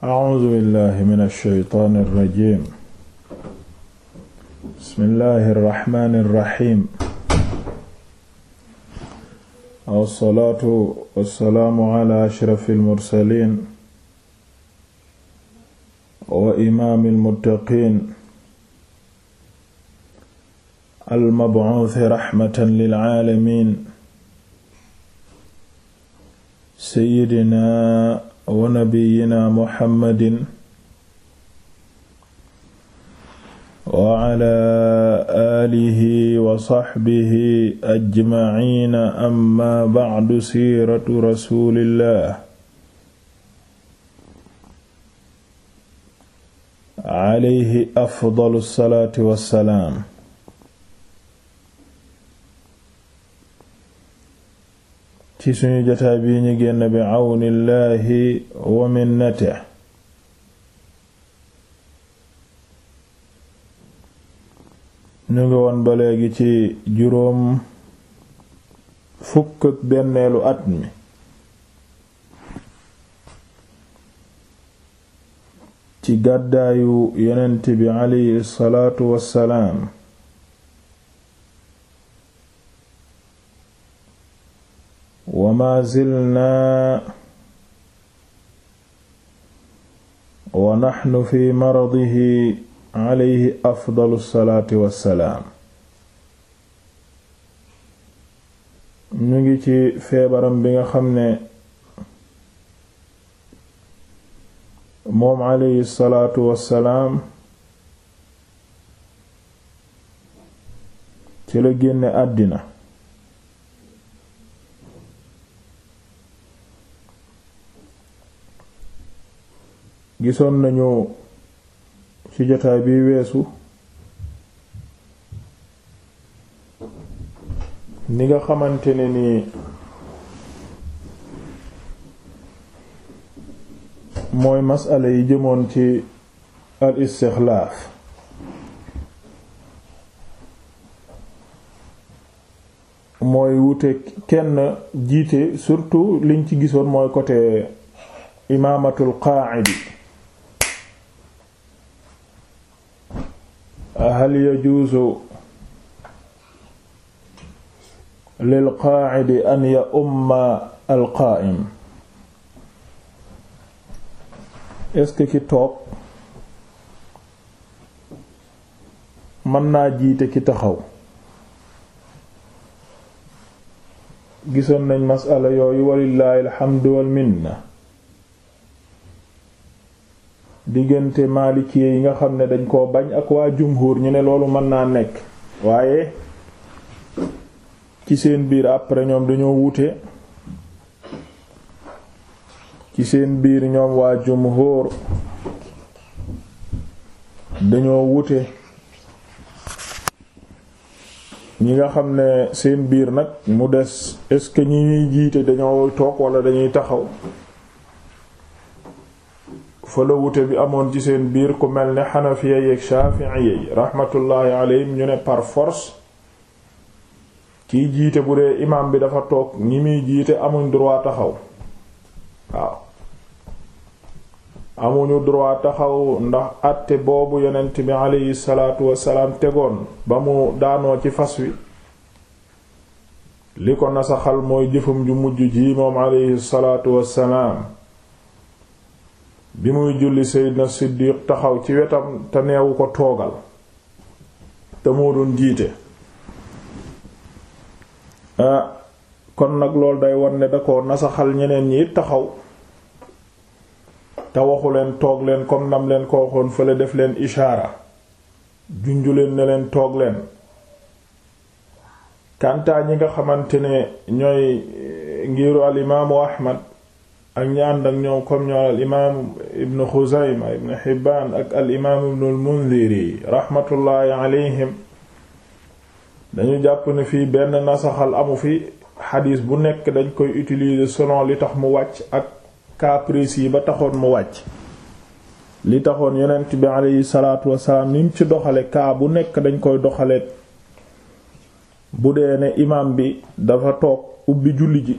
A'uuzu billaahi mina shaytaani rajiim. Bismillaahi rahmaani rahiim. Wassalaatu wassalaamu alaa ashrafil mursaliin. wa imaamil muttaqiin. Al-mab'uusi rahmatan lil aalamiin. Sayyidinaa wa nabiyyina muhammadin wa ala aalihi wa saxbihi ajmaciina amma bacdu siiratu rasuulillah alayhi afdalu salaatu wa salaam ci suñu jotaay bii ñu génn bi àwnillaahi wa minnate ñu ngi woon ba léegi ci juróom fukk ak benneelu at mi ci gàddaayu yonent bi aleyhi salaatu wassalaam wama zilnaa wa naxnu fi maradihi alayhi afdalu salaati wassalaam ñu ngi ci feebaram bi nga xam ne moom alayhi salaatu wassalaam ci la génne àddina gisoon nañu ci jotaay bi weesu ni nga xamante ne ni mooy masala yi jëmoon ci al mooy wute kenn jiite surtout liñ ci gisoon mooy côté imaamatul qaa'idi hal yajuuzu lil qaacidi an ya umma al qaa'im est-ce ki toog mën naa jiite ki taxaw gisoon nañ masala yooyu walillaahi alhamdu wal minna diggante maalikee yi nga xam ne dañ koo bañ ak waa jumhur ñu ne loolu mën naa nekk waaye ci seen biir après ñoom dañoo wute ci seen biir ñoom waa jumhur dañoo wute ñi nga xam ne seen biir nag mu des est-ce que ñi ñuy jiite dañoo toog walla dañuy taxaw fa la bi amoon ci seen biir ku mel ni xanafiya yeeg shaafi'i yi rahmatullahi alayhim ñu ne par force kiy jiite bu dee imaam bi dafa toog ñi muy jiite amuñ droit taxaw waaw amuñu droit taxaw ndax àtte boobu yonent bi aleyhi salaatu wasalaam tegoon ba mu daanoo ci fas wi li ko nasaxal mooy jëfam ju mujj ji moom aleyhi salaatu wasalaam bi muy julli Seydina Siddiq taxaw ci wetam te neewu ko toogal te mu doon jiite ah, kon nag loolu day won ne da ko nasaxal ñeneen ñi taxaw te waxu leen toog leen comme nam leen ko waxoon fële def leen ishaara junju leen ne leen toog leen kantaa ñi nga xamante ne ñooy eh, ngiru alimaamu Ahmad ak ñu ànd ak ñoom comme ñoom al imaam ibn Xuzayma ibn Hibbaan ak al imaam ibn al Mundiri raxmatullaahi alayhim dañu jàpp ne fii benn nasaxal amu fi xadiis bu nekk dañ koy utiliser solon li tax mu wàcc ak cas yi ba taxoon mu wàcc li taxoon yonent bi aleyhi salaatu wasalaam ni mu ci doxalee cas bu nekk dañ koy doxalee bu dee ne imaam bi dafa toog ubbi julli ji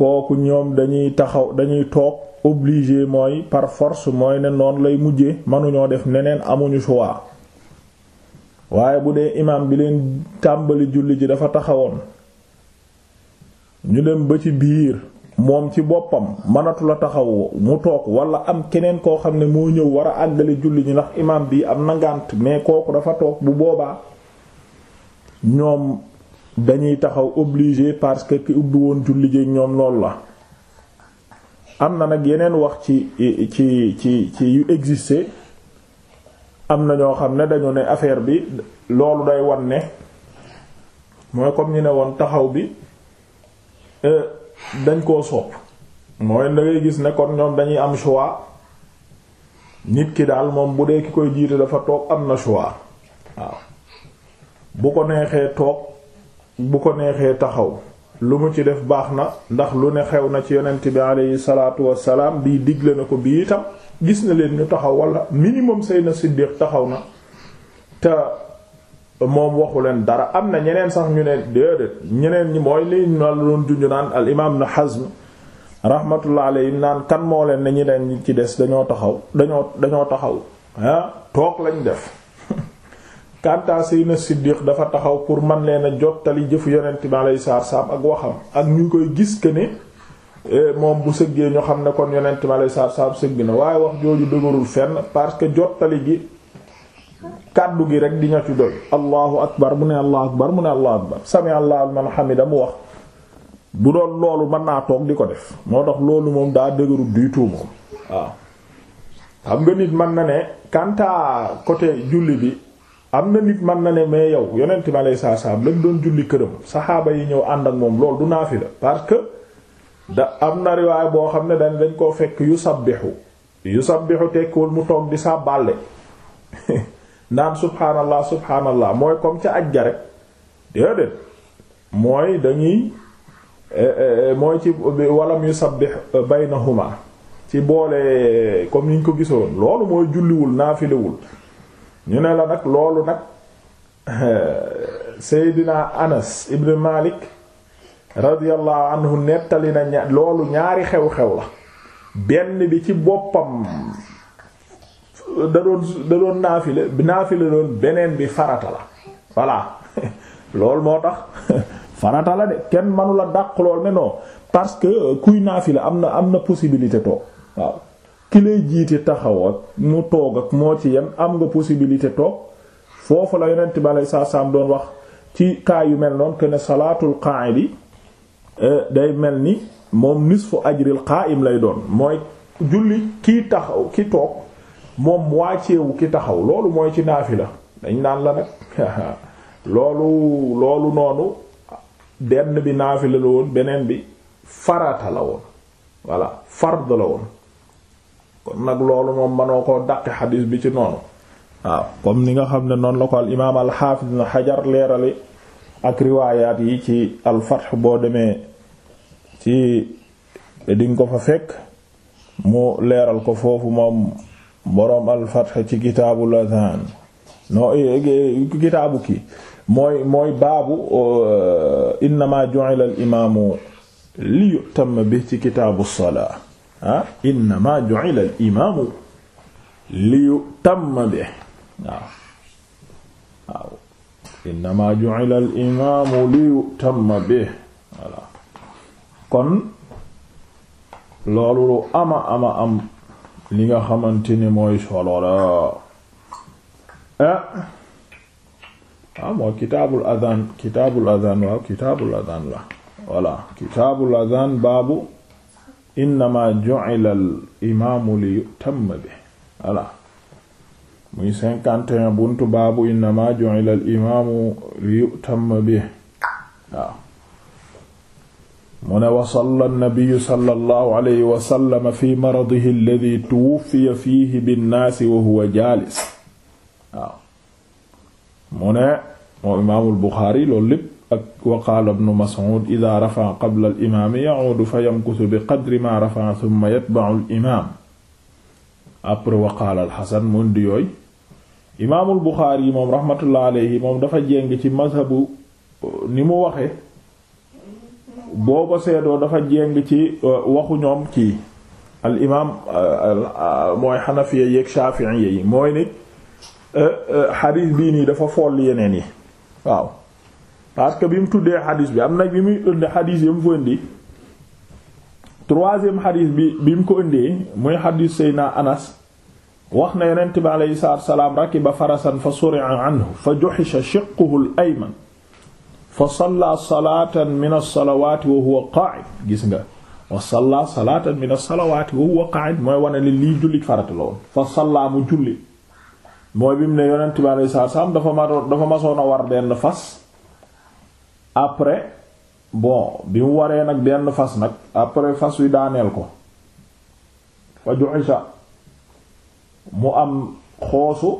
kooku ñoom dañuy taxaw dañuy toog obligé mooy par force mooy ne noonu lay mujje mënuñoo def neneen amuñu choix waaye bu dee imaam bi leen tàmbali julli ji dafa taxawoon ñu dem ba ci biir moom ci boppam mënatula taxaw mu toog wala am keneen koo xam ne moo ñëw war a àggale julli ji ndax imaam bi am na ngànt mais kooku dafa toog bu boobaa ñoom dañuy taxaw obligé parce que ki ubbi woon julli jéeg ñoom loolu la am na nag yeneen wax ci ci ci ci yu existé am na ñoo xam ne dañu ne affaire bi loolu day wan ne mooy comme ñu ne woon taxaw bi euh, dañ koo sopp mooy da gis ne kon ñoom dañuy am choix nit ki daal moom bu dee ki koy jiite dafa toog am na choix waaw bu ko neexee toog bu ko neexee taxaw lu mu ci def baax na ndax lu ne xew na ci yonent bi aleyhi salaatu wassalaam bii digle na ko bii itam gis na leen ñu taxaw wala minimum Seydina Siddiq taxaw na te moom waxu leen dara am na ñeneen sax ñu ne déedéet ñeneen ñi mooy li ñu la doon junju naan al imaam na Hazm rahmatullah alayhi naan kan moo leen ne ñi leen ci des dañoo taxaw dañoo dañoo taxaw ah, toog lañ def kanta Seydina Siddiq dafa taxaw pour man leen a jottali jëfu yonent bi alayhi salaatu salaam ak waxam ak ñu koy gis que ne eh, moom bu sëggee ñu xam ne kon yonent bi alayhi salaatu salaam sëgg na waaye wax jooju dëgërul fenn parce que jottali gi kàddu gi rek di ña ci doy allahu akbar mu ne allahu akbar mu ne allahu akbar sami allahu man hamida damu wax bu doon loolu mën naa toog di ko def moo tax loolu moom daa dëgërul du tout moom waaw xam nga nit mën na ne kanta côté bi am na nit mën na ne mais yow ma bi alayhi salaam lañ doon julli këram saxaaba yi ñëw ànd ak moom loolu du naafila parce que da am na riwaay boo xam ne dañ dañ koo fekk yu sabbixu yu sabbixu tekkiwul mu toog di sàbbaale naan subhaanallah subhaanallah mooy comme ca aj ga rek déedéet mooy dañuy eh, eh, mooy ci walam yu sabbix baynahuma ci boole comme ni ñu ko gisoon loolu mooy julliwul naafilewul ñu ne la nag loolu nag Seydina Anas ibn Malik radiyallahu anhu nettali na ña loolu ñaari xew-xew la benn bi ci boppam da doon da doon naafile naafile doon beneen bi farata la voilà loolu moo tax farata la de kenn mënu la dàq lool mais parce que kuy naafile am na am na possibilité toog waaw ki lay jiite taxaw ak mu toog ak moo ci yan am nga possibilité toog foofu la yonent bi alay saa saam doon wax ci kaa yu mel noonu que ne salaatul qaa'idi eh, day mel ni moom nisfu ajril qaa'im lay doon mooy julli ki taxaw ki toog moom waaceewu ki taxaw loolu mooy ci la dañ naan la nag loolu loolu noonu benn bi naafila la woon beneen bi farata voilà fard la woon kon nag loolu moom manoo koo dàqi xadiis bi ci noonu waaw comme ni nga xam ne noonu la ko al imaam al xaafiz na xajar leerali ak riwaayaat yi ci al boo demee ci dinga ko fa fekk mu leeral ko foofu moom boroom al ci kitaabul adhan no e, e, kitaabu ki mooy mooy baabu euh, innama ju'ila al imaamu li yu'tamma bi ci kitaabu salaa ah innama ju'ila al imaamu li yutamma bi waaw waaw li yutamma kon loolu ama ama am li nga xamante ni mooy solo la ah ah mooy kitaabul adaan kitaabul adaan la baabu innama ju'ila al imaamu li yutamma bi voilà muy 51 buntu baabu innama ju'ila al imaamu li yutamma bi waaw mu ne wa salla nabiyu sallallahu alayhi wa sallam fi maradihi alladhi tuwuffiya fiihi binnaasi wa huwa jaalis waaw mu ne moo imaamul Buxaari loolu lépp ak wa qaala ibnu mas'ud ida rafa'a qabla al imaami ya'uudu fa yamkusu bi qadri ma rafa'a thumma yatba'u al après wa qaala al mun di yooyu imaamul buxaari yi moom rahmatullah alayhi moom dafa jéng ci mazhabu ni mu waxe boo ko dafa jéng ci uh, waxu ñoom ci al imaam uh, mooy xanafiya yeeg shaafi'iyya yi mooy ni uh, xadiis bii nii dafa foll yeneen yi waaw parce que bi mu tuddee xadiis bi am na bi muy indi xadiis yi mu fa indi troisième xadiis bi bi mu ko indee muy xadiis Seyna Anas wax na yonent bi aleyhi salaatu salaam rakiba farasan fa suri'a anhu fa juhisha shiqquhu al-ayman fa salla salaatan min as-salawaati wa huwa qaa'id gis nga wa salla min as-salawaati wa huwa qaa'id mooy wane li lii jullit farata la woon fa salla mu julli mooy bi mu ne yonent bi aleyhi salaatu salaam dafa ma dafa masoon a war fas après bon bi mu waree nag benn fas nag après fas wi daaneel ko fa juxisa mu am xoosu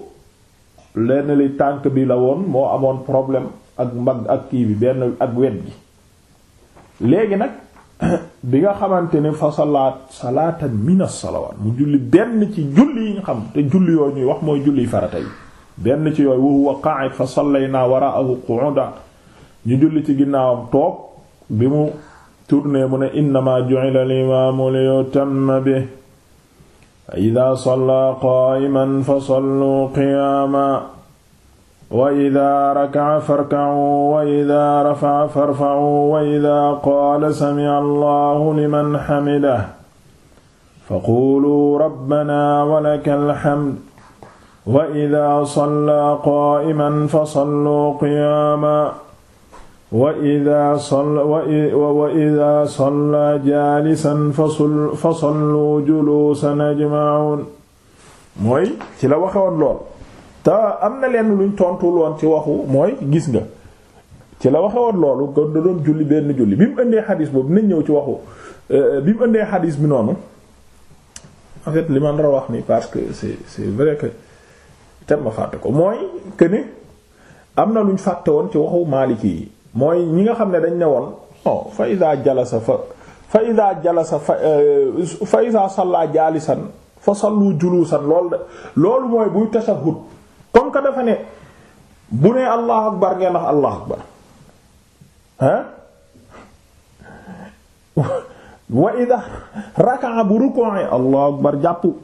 lenn li tànk bi la woon moo amoon problème ak mbagg ak kii bi benn ak wet gi léegi nag bi nga xamante ni fa salaat salaatan min as mu julli benn ci julli yi ñu xam te julli yooyu ñuy wax mooy julli farata yi benn ci yooyu wa huwa qa'id fa sallayna wara'ahu qu'udan ñu julli ci ginnaawam toog bi mu tourné mu ne innama ju'ila al-imaamu liyutamma bihi fa idaa sallaa qaa'iman fa sallu qiyaaman wa idaa raka'a farka'uu wa idaa rafa'a farfa'uu wa idaa qaala sami'a allahu liman hamidah faquuluu rabbanaa walakal hamd wa idaa sallaa qaa'iman fa sallu qiyaaman wa idaa sallaa jaalisan fa sallu juluusan ajma'uun mooy ci la waxewoon lool te am na lenn luñ tontul woon ci waxu mooy gis nga ci la waxewoon loolu kon da doon julli benn julli bi mu indee xadiis boobu nañ ñëw ci waxu euh, bi mu indee xadiis bi noonu en fait li ma doon wax ni parce que c'est c'est vrai que te ma fàtte ko mooy que am na luñ fàtte woon ci waxu Maliki yi. mooy ñi nga xam ne dañ ne woon non oh, fa iza jalasa fa fa iza jalasa fa eh, fa iza salla jalisan loolu de loolu mooy buy tashahhud comme que defa ne bu ne allahu akbar ngeen wax allahu akbar ah wa ida raka'a bu rukoone allahu akbar jàpp eh,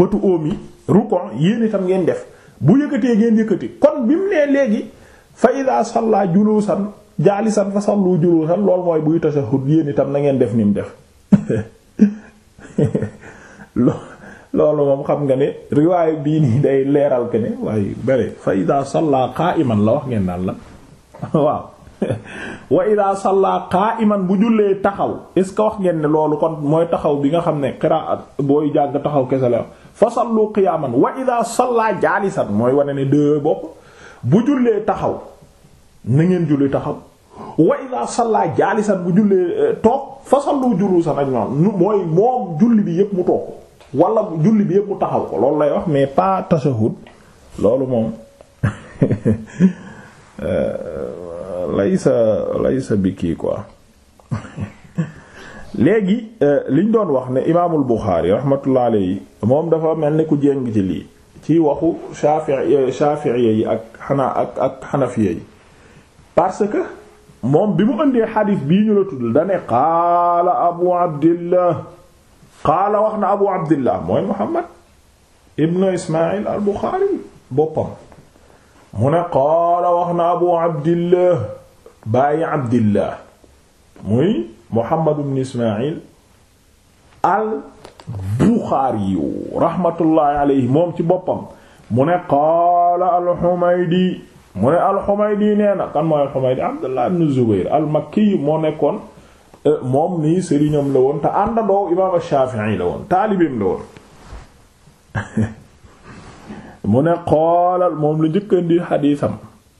bëtu óom yi rukon yéen itam ngeen def bu yëkkatee ngeen yëkkati kon bi mu nee léegi fa ida salla julusan jaalisan fasallu juluusan lool mooy buy tashahhud yéen itam na ngeen def ni mu def loolu moom xam nga ne riwaayu bii nii day leeral ke ne waaye bari fa ida salla la wax ngeen daal la waaw wa ida salla qa'iman bu jullee taxaw est ce que wax ngeen ne loolu kon mooy taxaw bi nga xam ne qiraat booy jàng taxaw kese la fa sallu qiyaman wa ida salla jaalisan mooy wane ne dë bopp bu jullee taxaw na ngeen julli taxaw wa iza salla jaalisan bu jullee eh, toog fa sallu julusan ak ñoom mooy moom julli bi yëpp mu toog ko wala julli bi yëpp mu taxaw ko loolu lay wax mais pas tashahhud loolu moom eh, laysa laysa bikii quoi léegi eh, liñ doon wax ne imaamul Buxaari rahmatullah alayhi moom dafa mel ni ku jéng ci lii ci waxu Shaafi'i Shaafi'i yi ak xanaa ak ak Hanafiya yi parce que moom bi mu indee xadis bii ñu la tuddal dane qaala abu abdillah qaala wax na abu abdillah mooy muhammad ibnu ismail al buxaari boppam mu ne qaala wax na abu abdillah bàyyi abdillah muy muhammad ibnu ismail al buxaari rahmatullahi alayhi moom ci boppam mu ne qaala al xumaydi mu ne al-Humaydi kan mooy al Abdullah ibn Zubayr al-Makki moo nekkoon e, moom nii sëriñam la woon te àndandoo imaam Shafi'i la woon taalibeem la woon mu ne xoolal moom la njëkk indi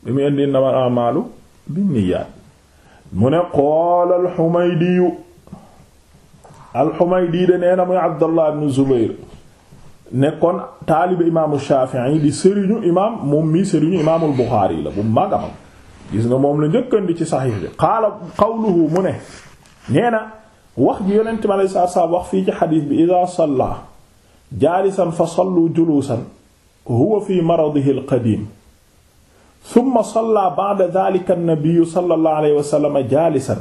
bi mu indi nama amaalu binniyaat mu ne xoolal Humaydi al de nee muy Abdullah ibn Zubayr nekkoon taaliba imaamu Shafi'i di sëriñu imaam moom mii sëriñu imaamul Buxaari la bu mag a mag gis nga moom la njëkkandi ci saxiix bi qaala qawluhu mu ne nee wax ji yonent bi alayhi salaatu salaam wax fii ci xadiis bi idaa salla jaalisan fa sallu juluusan huwa fi maradihi alqadiim summa salla ba'da daalika an-nabiyyu sallallahu alayhi wa sallam jaalisan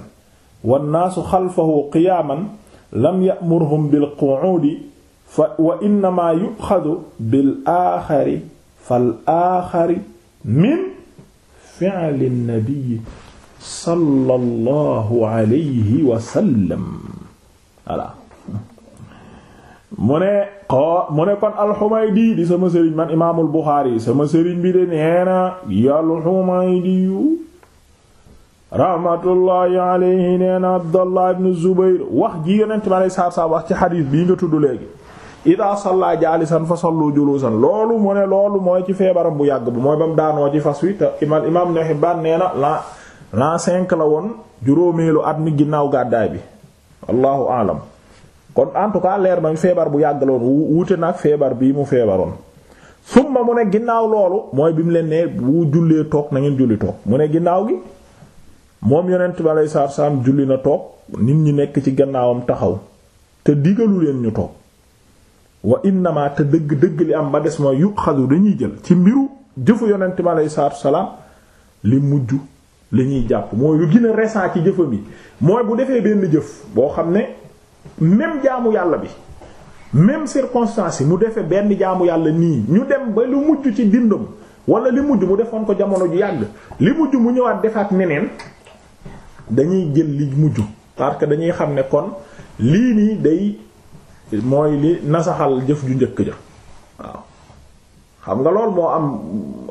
wan naasu xalfahu qiyaaman lam ya'murhum bil qu'uudi fa wa innama yuxadu bil aaxari fal aaxari min fi'li nabi sallallahu alayhi wa sallam voilà mu ne xoo mu ne kon alxumaydi di sama sëriñ man imaamul buxaari sama sëriñ bi de nee na yalxumaydi yu rahmatullahi alayhi nee na abdallah ibn zubayr wax ji yonent ma lay saar saar wax ci xadiis bii nga tudd léegi ida salla jaalisan fa sallu julusan loolu mu ne loolu mooy ci feebaram bu yàgg bu mooy ba mu daanoo ci fas wi te imaam imaam Ibn Hibbaan nee na la la cinq la woon juróomeelu at ni ginnaaw gàddaay bi allahu alam kon en tout cas leer nañ feebar bu yàgg la woon wuute nag feebar bii mu feebaroon summa mu ne ginnaaw loolu mooy bi mu leen ne bu jullee toog na ngeen julli toog mu ne ginnaaw gi moom yonent bi alayhi salaam julli na toog nit ñi nekk ci gannaawam taxaw te digalu leen ñu toog wa innama te dëgg dëgg li am ba des yu yuqadu dañuy jël ci mbiru jëfu yonent mi aleyhi salaatu li mujj li ñuy jàpp mooy lu gën a récent ci jëfam yi mooy bu defee benn jëf boo xam ne même jaamu yàlla bi même circonstance yi mu defee benn jaamu yàlla nii ñu dem ba lu mujj ci dindam wala li mujj mu defoon ko jamono ju yàgg li mujj mu ñëwaat defaat neneen dañuy jël li mujj parce dañuy xam ne kon lii nii day. mooy li nasaxal jëf ju njëkk ja waaw xam nga lool moo am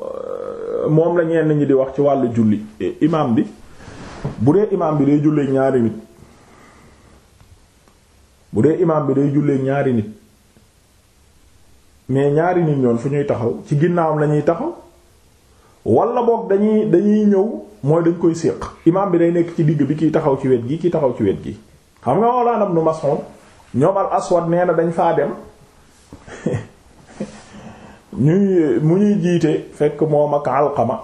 euh, moom la ñenn ñi di wax ci wàllu julli e, imaam bi bu dee imaam bi day jullee ñaari nit bu dee imaam bi day jullee ñaari nit mais ñaari nit ñoon fu ñuy taxaw ci ginnaawam la ñuy taxaw wala boog dañuy dañuy ñëw mooy dañ koy séq imaam bi day nekk ci digg bi kiy taxaw ci wet gi kiy taxaw ci wet gi xam nga walla am nu masoon ñoom al aswad nee na dañ faa dem ñuy mu ñuy jiite fekk moom ak alqama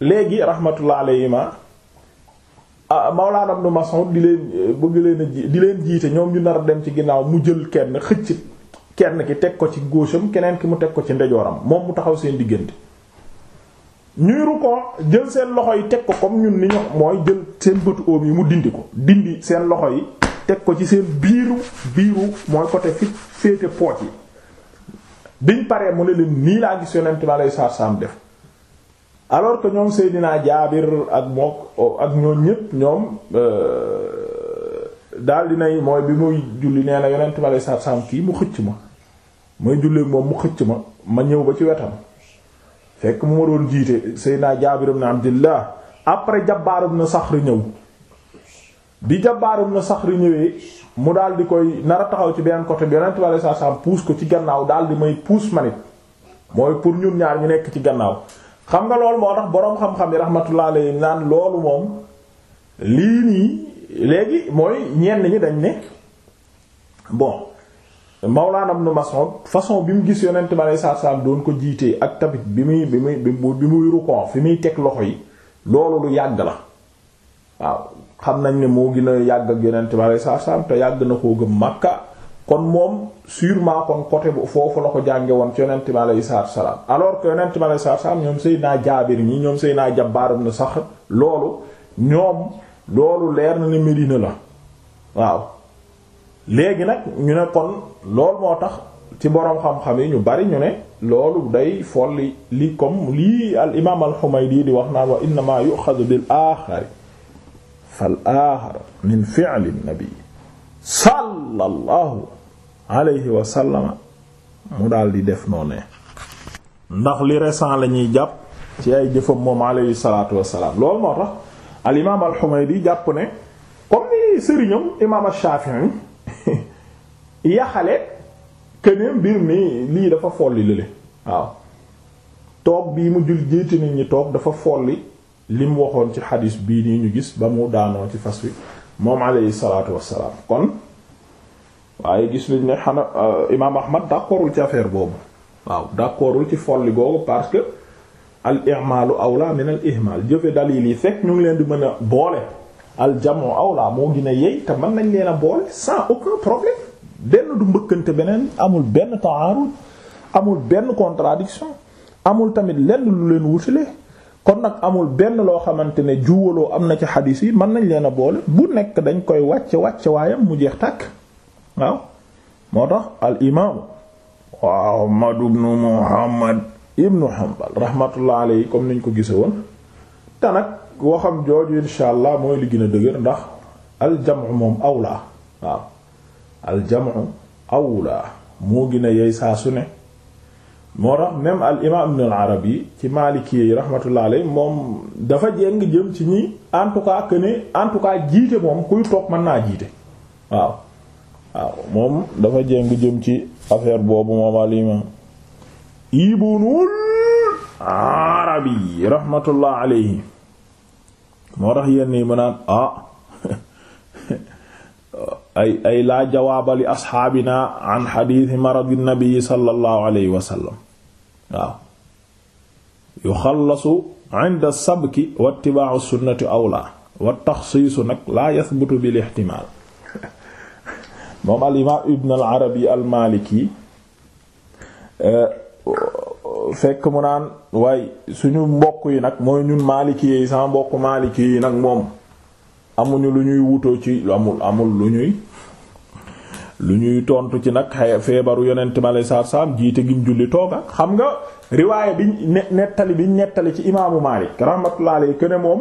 léegi raxmatulaale yi rahmatullah alayhima ah, mawlaana ibn Mas'ud di leen eh, bëgg leen di leen jiite ñoom ñu nar a dem ci ginnaaw mu jël kenn xëcc kenn ki teg ko ci góosam keneen ki mu teg ko ci ndejooram moom mu taxaw seen diggante ñuy rukkoo jël seen loxo yi teg ko comme ñun ni ñu mooy jël seen bëtu óom yi mu dindi ko dindi seen loxo yi teg ko ci seen biiru biiru mooy côté fi féete pooj yi biñ paree mu ne leen nii laa gis yonent ma lay saar def alors que ñoom Seydina Jaabir ak mook ak ñoom ñépp ñoom euh, daal dinay mooy bi muy julli nee na yonent ma lay saar kii mu xëcc ma muy julleek moom mu xëcc ma ma ñëw ba ci wetam fekk mu ma doon jiite Seydina Jaabir ibn Abdillah après Jabbaar na Saxr ñëw bi na sax Saxr ñëwee mu daal di koy nar a taxaw ci benn côté bi yonent bi alayhi salaam puus ko ci gannaaw daal di may puus manit mooy pour ñun ñaar ñu nekk ci gannaaw xam nga loolu boroom xam yi rahmatullah alayhi naan loolu moom lii nii léegi mooy ñenn ñi dañ ne bon Mawlaana Ibn Mas'ud façon bi mu gis yonent bi alayhi salaam doon ko jiitee ak tabit bi muy bi muy bi muy rukkoo fi muy teg loxo yi loolu lu yàgg la waaw xam nañ ne moo gën yàgg ak yonent bi alei saatu salaam te yàgg na koo gëm Makka kon moom sûrement kon côté bu foofu la ko jànge woon ci yonent bi alei saatu salaam alors que yonent ma alei saatu salaam ñoom Seydina Jaabir ñi ñoom Seydina Jabbaar na sax loolu ñoom loolu leer na ne Medina la waaw léegi nag ñu ne kon loolu moo tax ci boroom xam-xam yi ñu bari ñu ne loolu day folli li kom lii al imaam al Humaydi di wax naan wa innamaa yu'xadu bil aaxari fal aaxar min fi'li nabi sallallahu alayhi wa mu daal di def noonee ndax li récent la jàpp ci ay jëfam moom alayhi salaatu wa loolu moo tax al imaam al Humaydi jàpp ne comme ni sëriñam imaam al Shafi'i yaxale keneen mbir mi lii dafa folli lële waaw toog bii mu jul jiiti nit ñi toog dafa folli lim waxoon ci xadis bii nii ñu gis ba mu daanoo ci fas wi moom alayhi salaatu wassalaam kon waaye gis nañ ne xana euh, imaam ahmad d'accordul ci affaire boobu waaw d'accordul ci folli googu parce que al i'malu awla min al ihmal jëfe dalil yi fekk ñu ngi leen di mën a boole al jamu awla moo gën a yey te mën nañ leen a boole sans aucun problème benn du mbëkkante beneen amul benn taarud amul benn contradiction amul tamit lenn lu leen wutale kon nag amul benn loo xamante ne juwaloo am na ci xadiis yi mën nañ leen a boole bu nekk dañ koy wàcce wàcce waayam mu jeex tàkk waaw moo tax al imaamu Ahmad ibnu Muhammad ibnu Hanbal rahmatullah alayhi comme niñ ko gise woon te nag waxam jooju insha allah mooy li gën dëgër ndax al jam'u moom awlaa waaw al jam'u awlaa moo gën a yey saa su ne moo tax même al imam ibn al arabi ci maliki yi rahmatullah alayhi moom dafa jeng jëm ci ñi en tout cas que jiite moom kuy toog man naa jiite waaw waaw moom dafa jeng jëm ci affaire boobu moom al imam ibnul arabi rahmatullah alayhi moo tax yenn yi mu naan ah ay ay laa jawaaba li asxaabina an xadiisi maradi nabi sallallahu alayhi wa sallam waaw yuxallasu inda sabki wa itibaacu sunnati awlaa wa taxsiisu nag laa yasbutu bil ixtimaal moom al imaam ibn al arabi al maaliki eh, fekk mu naan waaye suñu mbokk yi nag mooy ñun maaliki yi sama mbokk maaliki yi nag moom amuñu lu ñuy wutoo ci amul amul lu ñuy lu ñuy tontu ci nag xay feebaru yonent ma lay saar saam jiite gim julli tooga xam nga riwaaya bi nettali bi nettali ci imaamu Maalik rahmatullah alayhi que moom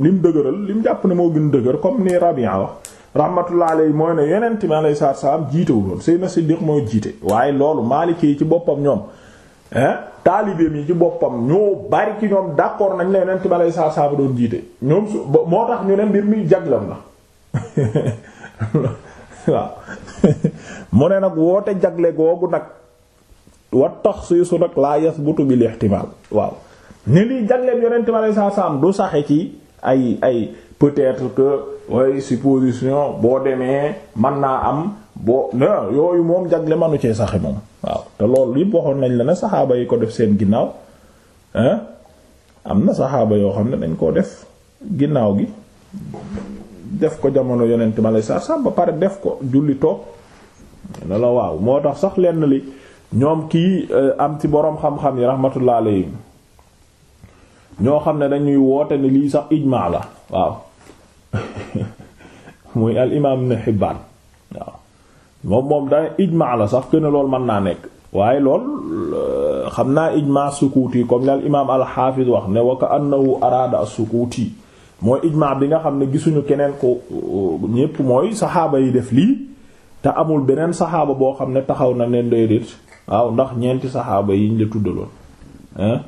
li mu dëgëral lim jàpp ne moo gën dëgër comme nii Rabia wax rahmatullah yi mooy ne yonent ma lay saar saam jiitewuloon Seydina Siddiq moo jiite waaye loolu Maalik yi ci boppam ñoom taalibeem yi ci boppam ñu bari ci ñoom d'accord nañ ne yonent bi aleyhi salaatu salaam doon jiite ñoom su moo tax ñu ne mbir mi jaglam la waaw mu ne nag woote jagle googu nag wa su nag laa yasbutu bil ihtimaal waaw ne lii jagleem yonent bi aleyhi salaatu salaam du saxe ci ay ay peut-être que way supposition boo demee man naa am boo non yooyu moom jagle manu cee saxe moom waaw te lool yëpp waxoon nañ la ne saxaaba yi ko def seen ginnaaw am na saxaaba yoo xam ne dañ koo def ginnaaw gi def ko jamono yonent ma lay sax ba pare def ko julli toog ne la waaw moo tax sax lenn li ñoom kii eh, am ci boroom xam-xam yi rahmatullah yi ñoo xam ne dañuy woote ne lii sax ijmaa la waaw muy al imaam Ibn moom moom da ijmaa la sax que ne loolu mën naa nekk waaye lool euh, xam naa ijmaa sukuuti comme li imaam al-Hafiz wax ne wa ka annahu araada as-sukuuti mooy ijmaa bi nga xam ne gisuñu keneen ko euh, ñépp mooy saxaaba yi def lii te amul beneen saxaaba boo xam ne taxaw na leen déedéet waaw ndax ñeenti saxaaba yiñ la tuddaloon hein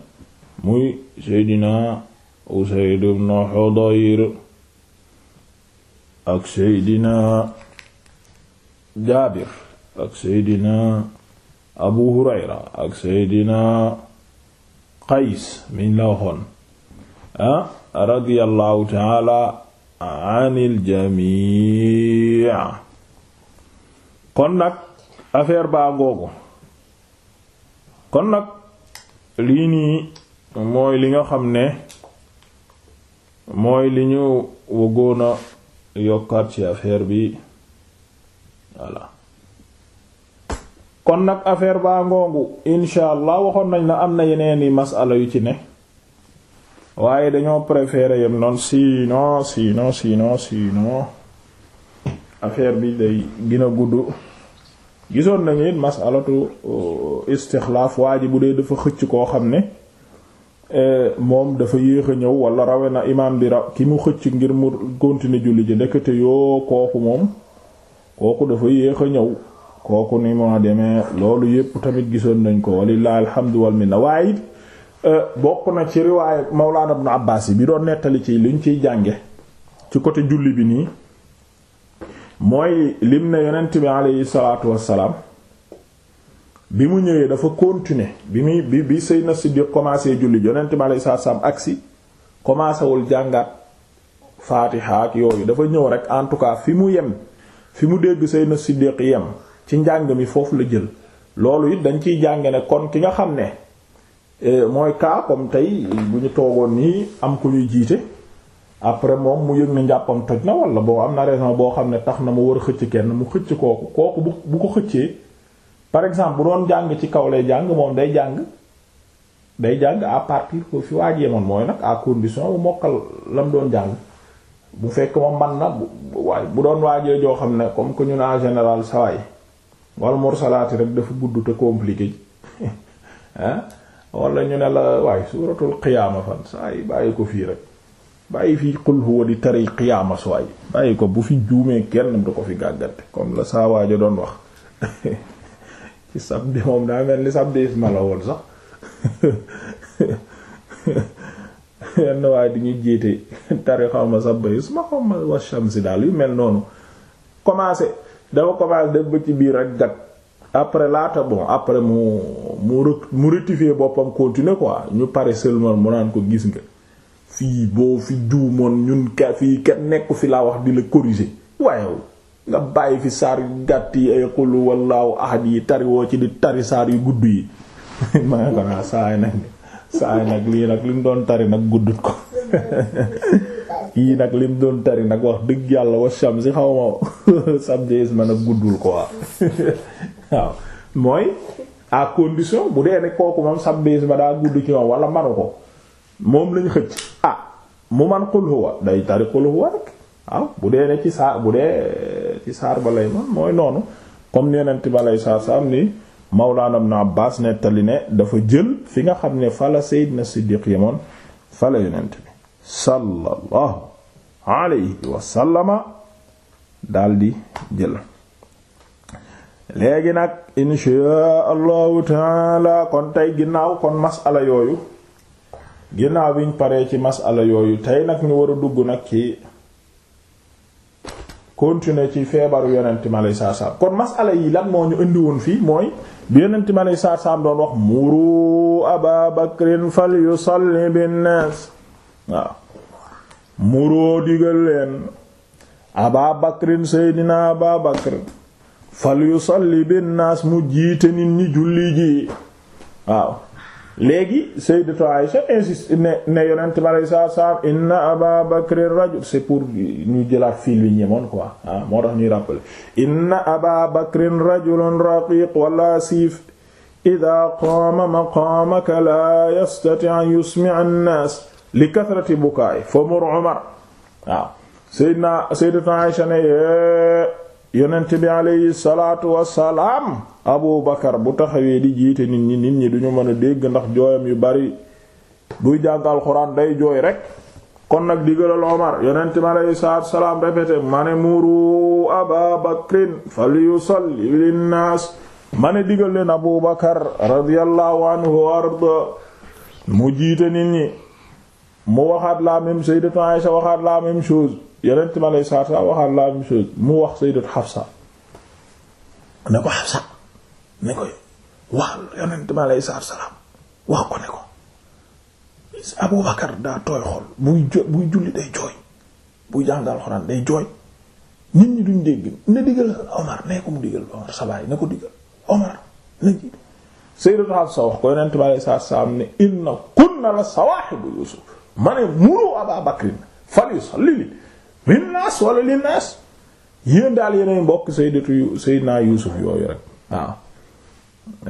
muy Seydina Usayd ibn Hudayr ak Seydina jaabir ak seydina abu hurayra ak seydina qays miñ la waxoon ah radiyallahu taala anil jamii kon nag affaire baa googu kon nag lii nii mooy li nga xam ne mooy li ñu wëggoona yokkaat ci affaire bi voilà kon nag affaire baa ngoongu insha waxoon nañ la am na yeneeni masala yu ci ne waaye dañoo préférer yem noonu sinon sinon sinon sinon bi day gën a gudd gisoon nañu it masalatu euh, istixlaaf waa ji bu dee dafa xëcc koo xam ne euh, moom dafa yéex a ñëw wala rawe na imaam bi ra ki mu xëcc ngir mu continuer julli ji ndekete yoo kooku moom kooku dafa yéex a ñëw kooku ni moo demee loolu yépp tamit gisoon nañ ko walilah alhamdu wal minna waaye it euh, bokk na ci riwaaya Mawlaana Ibnu Abbaas yi bi doon nettali ci liñ ciy jànge ci côté julli bi nii mooy lim ne yonent bi aleyhi salaatu wassalaam bi mu ñëwee dafa continuer bi muy bi bi Seydina Siddiq commencé julli yonent bi aleyhi salaatu wassalaam agsi commencé wul jàngaat faatiha ak yooyu dafa ñëw rek en tout cas fi mu yem fi mu dégg Seydina déq yem ci njàng mi foofu la jël loolu it dañ ciy jàng ne kon ki nga xam ne eh, mooy cas comme tey bu ñu toogoon nii am ku ñuy jiite après moom mu yëg na njàppam toj na wala boo am na raison boo xam ne tax na mu war a xëcc kenn mu xëcc kooku kooku bu bu ko xëccee par exemple bu doon jàng ci kaw lay jàng moom day jàng day jàng à partir ko fi waaj yemoon mooy nag à condition bu mokkal lam doon jàng bu fekk moom man na waaye bu doon waajee joo xam ne comme que ñu ne en général sawaay wal mursalaati rek dafa gudd te compliqué ah wala ñu ne la waaye suuratul qiyaama fan sawaay bàyyi ko fii rek bàyyi fii qul huwa di tari qiyaama sawaay bàyyi ko bu fi juumee kenn du ko fi gàggante comme la saa waajo doon wax ci sabdi moom daa mel ni sabdi isma la sax yenn waaye di ñu jiite tari xaw ma sa bayus ma xaw ma wa shamsi daal yu mel noonu commencé dafa commencé def ba ci biir ak gat après laata bon après mu mu mu rectifier boppam continuer ko ñu pare seulement mu naan ko gis nga fii boo fi juumoon ñun ka fii kenn nekku fi laa wax di la corriger waaye nga bàyyi fi saar yu gàtt yi ay xulu wallaahu ahad yi tari woo ci di tari saar yu gudd yi ma nga ko naa saay nag saa yi nag lii nag lim doon tari nag guddut ko kii nag lim doon tari nag wax dëgg yàlla wa si xaw ma samedi isma nag guddul ko waaw waaw mooy à condition bu dee ne kooku moom samedi isma daa gudd ci moom wala manu ko moom lañ xëcc ah mu man qul huwa day tari qul huwa rek waaw bu dee ne ci saar bu dee ci saar ba lay man mooy noonu comme yeneen ti lay saar saam nii Mawlaana Ibn Abbaas nettali ne dafa jël fi nga xam ne fala Seydina Siddiq yemoon fala yonent bi sallallahu alayhi wasallama daldi jël léegi nag inshaa allahu taala kon tey ginnaaw kon masala yooyu ginnaaw biñ paree ci masala yooyu tey nag ñu war a dugg nag ci continuer ci feebaru yonent mi alay saa saa kon masala yi lan moo ñu indi woon fii mooy bi yonent mi alayhi salaatu salaam doon wax muru aba bakrin fal yusalli binnaas waaw muroo digal leen aba bakrin seydina aba bakr fal yusalli binnaas mu jiite nit ñi julli ji waaw léegi Sayyidatu Aïsha insiste ne ne yonent bi alayhi salaatu salaam inna Aba Bakr rajul c'est pour ñu jëlaat fil bi ñemoon quoi ah moo tax ñuy rappeler inna Aba Bakr rajulun raqiq wala siif ida qaama maqaamaka la yastati an yusmi'a an-naas li kathrati bukaa'i fa mur Umar waaw Sayyidna Sayyidatu Aïsha ne eh, yonent bi aleyhi salaatu wassalaam abu bakar bu taxawee di jiite nit ñi nit ñi duñu mën a dégg ndax jooyam yu bari buy jàng alxuraan day jooy rek kon nag digalal omar yonent bi aleyhi salaatu wassalaam répété ma ne muru aba bakrin fal yusalli linnaas ma ne digal leen abu bakar radiyallahu anhu warda mu jiite nit ñi mu waxaat la même sayyidatu Aisha waxaat la même chose yonent mi alayhi salaatu salaam waxaat la même chose mu wax sayyidatu Hafsa ne ko Hafsa ne ko wax yonent mi alayhi salaatu salaam wax ko ne ko Abu Bakar daa tooy xol buy jo buy julli day jooy buy jàngal Alxuraan day jooy nit ñi duñ dégg na digal Omar ne ko mu digal Omar sabaay ne ko digal Omar na jiitu sayyidatu Hafsa wax ko yonent mi alayhi salaatu salaam ne inna kunna la sawaahibu Yuusuf ma ne muru Abaa Bakrin falyusalli min naas wala li naas yéen daal yeneen mbokk sayyidatu sayyidina Yuusuf yooyu rek waaw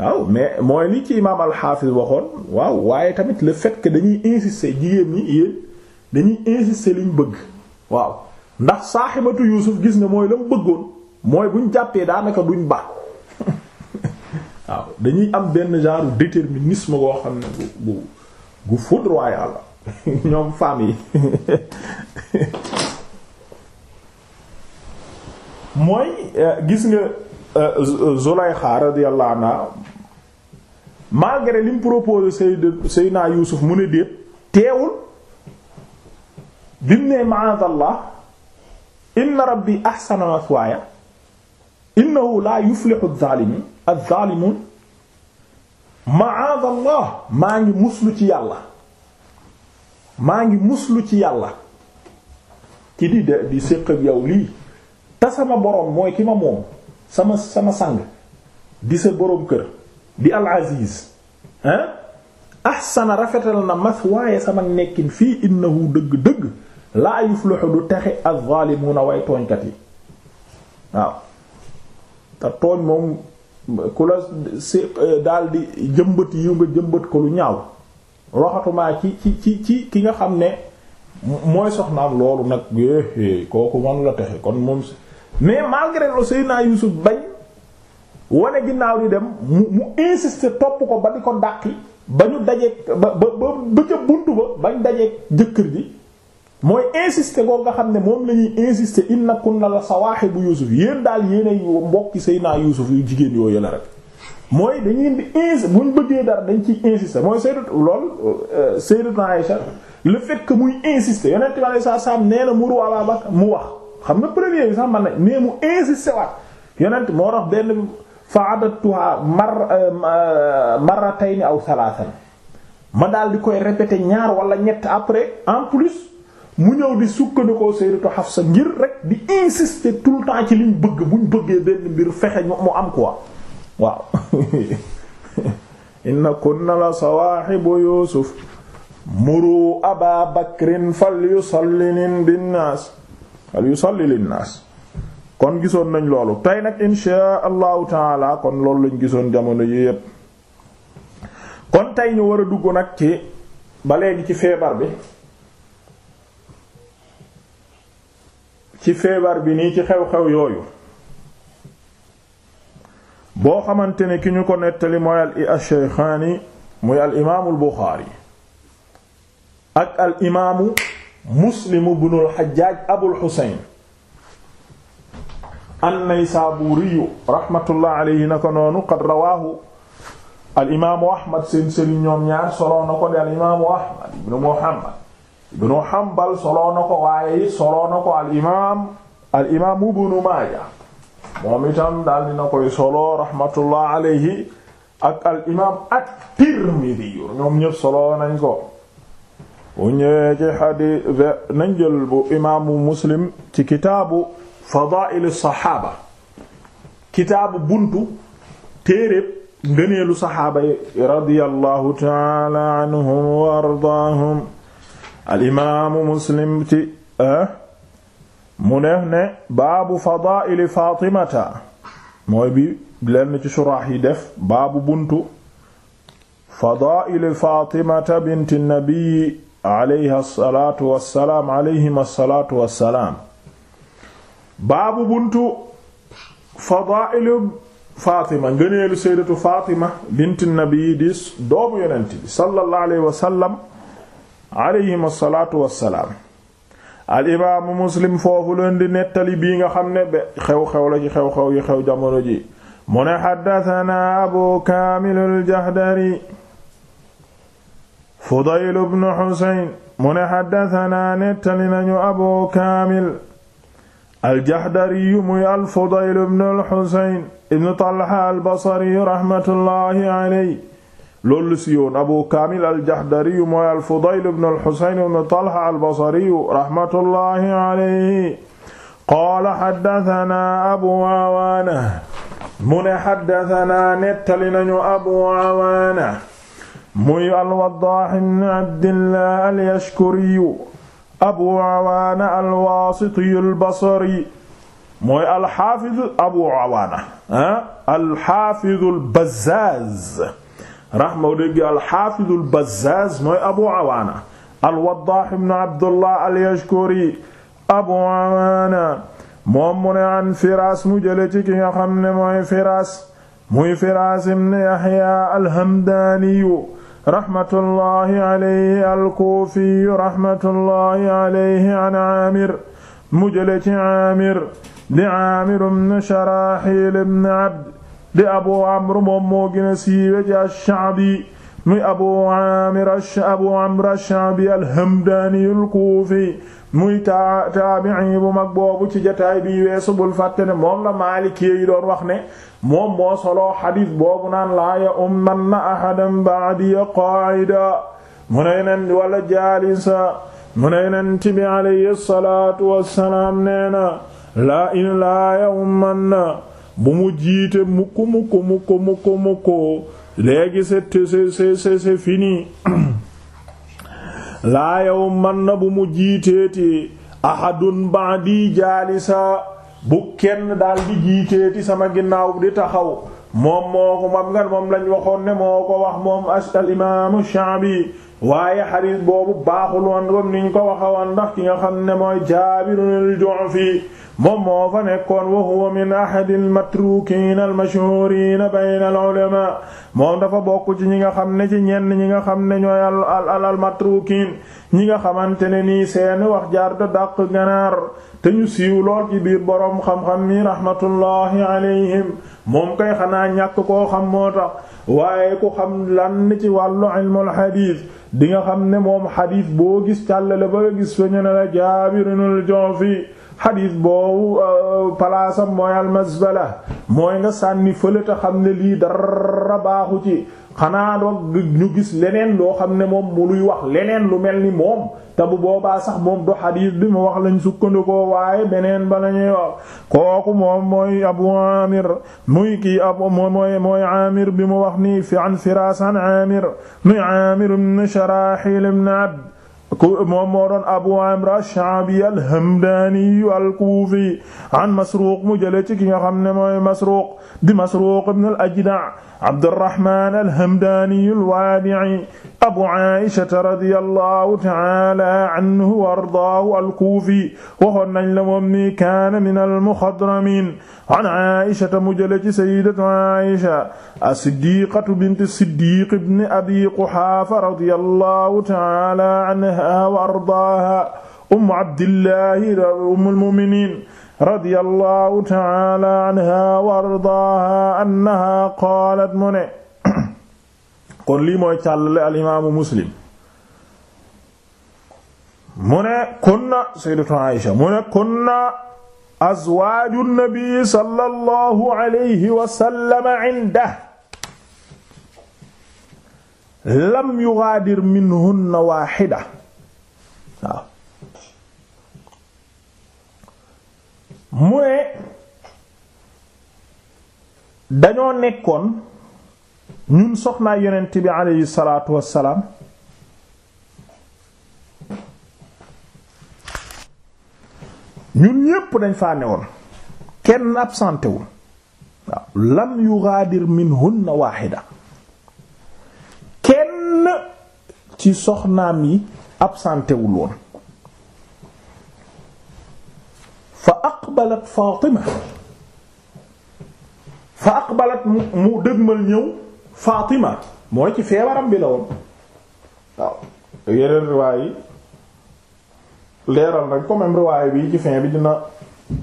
waaw mais mooy li ci imaam al waxoon waaw waaye tamit le fait dañuy insister jigéen ñi yéen dañuy insister liñ bëgg waaw ndax saaxibatu Yuusuf gis nga mooy la mu bëggoon mooy buñ jàppee daanaka duñ baax waaw dañuy am benn genre déterminisme goo xam ne bu bu bu la ñoom femmes yi mooy euh, gis nga euh, euh, Zulaykha radiyallahu anha malgré li mu proposé Seydou Seydina Youssouf mu ne déet teewul bi mu ne ma'azallah inna rabbi ahsana maswaaya innahu laa yuflihu adh-dhaalimiin adh-dhaalimuun ma'azallah maa ngi muslu ci yàlla maa ngi muslu ci yàlla ci di de di séq ak yow lii te sama borom mooy ki ma moom sama sama sang di sa borom kër di al aziz hein ahsana rafetal na mas waaye sama nekkin fii innahu dëgg-dëgg laa yuflihu du texe az-zaalimuuna way tooñkat yi waaw tooñ moom ku la si eh, daal di jëmbat yi nga jëmbat ko lu ñaaw waxatumaa ci ci ci ci ki nga xam ne mooy soxnaam loolu nag eh, eh, kooku man la texe kon moom mais malgré loolu Seydina Yuusuf bañ wane ginnaaw di dem mu mu insister topp ko ba di ko dàqi ba ñu dajeek ba ba ba bunt ba bañ dajeek jëkkër ji mooy insiste ko nga xam ne moom la ñuy insister ku na la bu Yuusuf yéen daal yéenay mbokki Seydina Yuusuf yu jigéen yooyu la rek mooy dañuy di ins bu ñu bëggee dara dañ ciy insister mooy Sayyidatu lool euh, Sayyidatu Aïcha le fait que muy insister yonent bi sallallahu alayhi wasallam nee na muru ala Bakr mu wax xam nga premier bi mais mu insisté waat yonent moo tax benn fa adatuha euh, aw salaatan ma daal di koy répété ñaar wala ñett après en plus mu ñëw di sukkandikoo Sayyidatu Hafsa ngir rek di insister tout le temps ci liñ bëgg buñ bëggee benn mbir fexe mu am quoi waaw inna kunna la sawaahibu Yuusuf muru Abaa Bakrin falyusalli bin naas fal yusalli linnaas kon gisoon nañ loolu tey nag insha allahu taala kon loolu lañ gisoon jamono yi yépp kon tey ñu war a dugg nag ci ba léegi ci feebar bi ci feebar bi nii ci xew-xew yooyu boo xamante ne ki ñu ko nettali mooy al i ash-Shaykhaani muy al imaamul Buxaari ak al imaamu muslim ibnul xajaaj abul xuseyn an-Naysaburi rahmatullah alayhi na ko noonu qad rawaahu al imaamu ahmad seen sëriñ ñoom ñaar soloo na ko di al imaamu ahmad ibnu muhammad ibnu hanbal soloo na ko waaye it soloo na ko al moom itam daal dina koy soloo rahmatullah alayhi ak al imaam at-Tirmidhi ñoom ñëpp soloo ko bu ñëwee ci xadis nañ jël bu imaamu muslim ci kitaabu fadaa'il saxaaba kitaabu buntu téereeb ngëneelu saxaaba yi radiyallahu taala anhum wa ardaahum al imaamu muslim ci eh, mu neex ne baabu fadaa'il faatimata mooy bi lenn ci suraax yi def baabu buntu fadaa'il faatimata binti nabi alayhi salaatu wassalaam alayhim salaatu wassalaam baabu buntu fadaa'ilu Fatima ngëneelu sayyidatu Fatima bint nabi di doomu yonent bi sallallahu alayhi wa sallam alayhim salaatu wassalaam al imaamu muslim foofu leen di nettali bii nga xam ne ba xew-xew ji mu abu kaamil al Fudayl ibn Husayn mu ne xaddatanaa nettali nañu Abu Kaamil aljahdariyu muy al-Fudayl ibn al-Husayn ibn Talha al-Basri raxmatullaahi aley loolu siiwoon Abu Kaamil aljahdariyu mooy al-Fudayl ibn al-Husayn ibn Talha al-Basriyu raxmatullaahi aleyhi qaala xaddatanaa Abu Awaana mu ne xaddatanaa nettali nañu Abu Awaana muy alwaddaah ibn abdillah alyashkuriyu abu awaana alwaasitiyu albasri mooy alxaafiz abu awaana ah alxaafizu albazzaaz raxma dégg alxaafizu albazzaaz mooy abu awaana alwaddaah ibn abdullah alyashkuri abu awaana moom mu ne an firaas mu jële ci ki nga xam ne mooy firaas muy firaas ibn yaxya alhamdaaniyu rahmatullahi alayhi al-Kufi rahmatullahi alayhi an Amir mu jële ci Amir di Amir ibn Sharahil ibn Abd di Abu Amr moom moo gën a siiwe ci ash-Sha'bi muy Abu Amir Abu Amr ash-Sha'bi al-Hamdani al-Kufi muy taa taabi'i bu mag boobu ci jataay bi weesu bul fàtte ne moom la Maliki yi doon wax ne moom moo soloo xadiis boobu naan laa ya umman na ahadan ba'diya qaa'ida mu ne neen wala jaalisa ne neen ci bi alayhi salaatu wassalaam nee laa in laa ya umman na bu mu jiite mukk mukk mukk mukk mukk léegi c'est c'est c'est fini laa man na bu mu jiiteeti ahadun di jaalisa bu kenn daal di jiiteeti sama ginnaaw di taxaw moom moo ko mam ngan moom lañ waxoon ne moo ko wax moom al imaamu Shaabi waaye xadiis boobu baaxul woon comme niñ ko waxa woon ndax ki nga xam ne mooy Jaabirul Ju'fi moom moo fa nekkoon wa huwa min ahadi almatrukiin almashhuuriin bayna alulamaa moom dafa bokk ci ñi nga xam ne ci ñenn ñi nga xam ne ñooy al almatrukiin ñi nga xamante ne nii seeni wax jaar dàq ganaar te ñu siiw lool ci biir boroom xam-xam mi rahmatullahi alayhim moom kay xanaa ñàkk koo xam moo tax waaye ku xam lan ci wàllu ilmul xadiis di nga xam ne moom xadiis boo gis càll la ba gis fa ñu la Jaabir ibnul Jufi xadis boobu euh, palaasam mooy almasbala mooy nga sànni fële te xam ne lii dara baaxu ci xanaa doog ñu gis leneen loo xam ne moom mu luy wax leneen lu mel ni moom te bu boobaa sax moom du xadis bi mu wax lañ sukkandikoo waaye beneen ba lañuy wax kooku moom mooy abu amir muy kii abu mooy mooy amir bi mu wax nii fi an firaasan amir muy amir ibn sharahil ibn abd ku moom moo doon Abu Amr ash-Sha'bi al-Hamdani al-Kufi an Masruq mu jële ci ki nga xam ne mooy Masruq di Masruq ibn al-Ajda' Abdurrahman al-Hamdani al-Wadi'i Abu Aisha radiyallahu ta'ala anhu wa ardaahu al-Kufi waxoon nañ la moom mi kaana min al-muxadramin an Aisha mu jële ci sayyidatu Aisha as-Siddiqatu bint Siddiq ibn Abi Quhafa radiyallahu ta'ala anha wa ardaaha ummu Abdillahi ummul mu'minin radiyallahu ta'ala anha wa ardaaha annaha qaalat mu ne kon lii mooy càllale al imaamu muslim mu ne kunna sayyidatu Aisha mu ne kunna azwaaju nabi sallallahu alayhi wa sallam indahu lam yughaadir minhunna waahida waaw mu ne dañoo nekkoon ñun soxnaa yonent bi aleyhi salaatu wassalaam ñun ñépp dañ faa woon kenn absenté wul waaw lam yughaadir minhunna waahida kenn ci soxnaam yi absenté wul woon aqbalat Fatima fa aqbalat mu mu dëgmal ñëw Fatima mooy ci feebaram bi la woon waaw yeneen riwaay yi leeral nañ ko même riwaay bi ci fin bi dina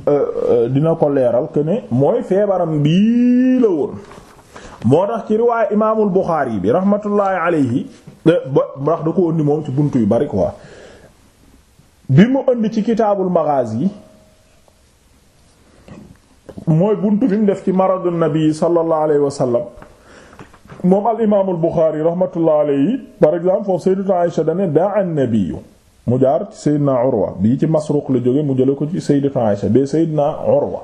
euh, euh, dina ko leeral que mooy feebaram bii la woon moo tax ci riwaay imaamul Buxaari bi rahmatullahi alayhi euh, ba ndax da ko indi moom ci buntu yu bari quoi bi mu indi ci kitaabul Maghaazi mooy buntu bi mu def ci maradu nabi sallallahu alayhi wa sallam moom al imaamul Buxaari rahmatullah alayhi par exemple foofu sayyidatu Aïsha dane daa an nabi mu jaar ci sayyidina Urwa bii ci Masruq la jóge mu jële ko ci sayyidatu Aïsha ba sayyidina Urwa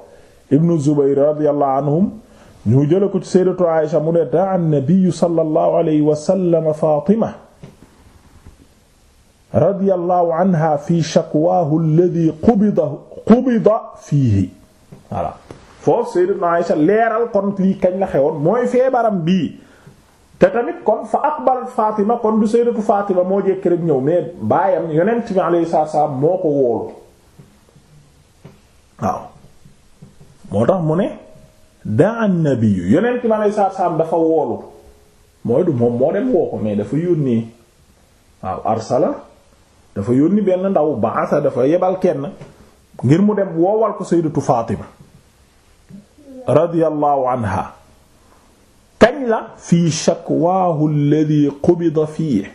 ibnu Zubayr radiyallahu anhum ñu jële ko ci sayyidatu Aïsha mu ne daa an nabi sallallahu alayhi wa sallam Fatima radiyallahu anha fi shakwaahu alladhi qubida qubida fiihi voilà foofu sayyidatuna Aisha leeral kon lii kañ la xewoon mooy feebaram bii te tamit kon fa akbar Fatima kon du sayyidatu Fatima moo jekki rek ñëw mais baayam yonent bi alayhi salaam moo ko woolu tax mu ne daa annabiyu yonent bi dafa woolu mooy du moom moo dem woo ko mais dafa yónni waaw arsala dafa yónni benn ndaw ba'asa dafa yebal kenn ngir mu dem woowal ko sayyidatu Fatima radiyallahu anha kañ la fi shakwaahu alladhi qubida fiihi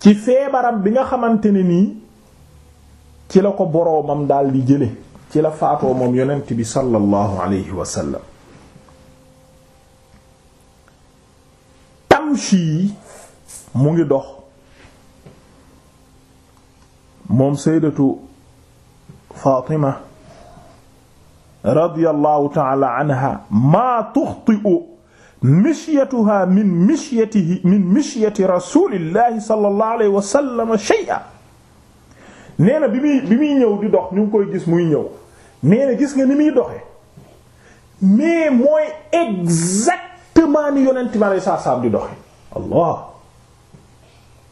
ci feebaram bi nga xamante ne nii ci la ko boroomam daal di jële ci la faatoo moom yonent bi sallallahu alayhi wa tamshi mu ngi dox moom sayyidatu Fatima radiyallahu ta'ala anha maa tuxti'u mishyatuha min mishyatihi min mishyati rasulillahi sallallahu alayhi wa sallam shay'a nee bi muy bi muy ñëw di dox ñu koy gis muy ñëw nee gis nga ni muy doxee mais mooy exactement ni yonent bi alayhi salaam di doxee allah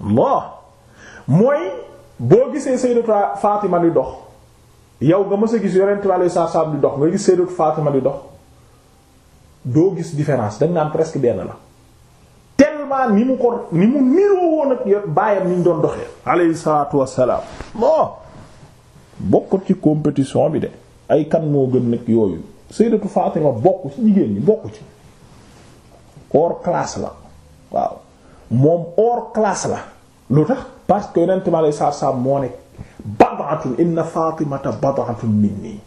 allah mooy boo gisee sayyidatu Fatima di dox yow nga ma a gis yonent bi alayhi salaam dox nga gis Sayyidatu Fatima di dox doo gis différence dañ naan presque benn la tellement ni ko ni mu niroo woon ak ñu doon doxee alayhi salaatu wassalaam bon bokkul ci compétition bi de ay kan moo gën nag yooyu Sayyidatu Fatima bokk ci jigéen ñi bokk ci hors classe la moom hors classe la lu tax parce que yonent bi alayhi salaam moo nekk bad'atun inna fatimata bad'atun minni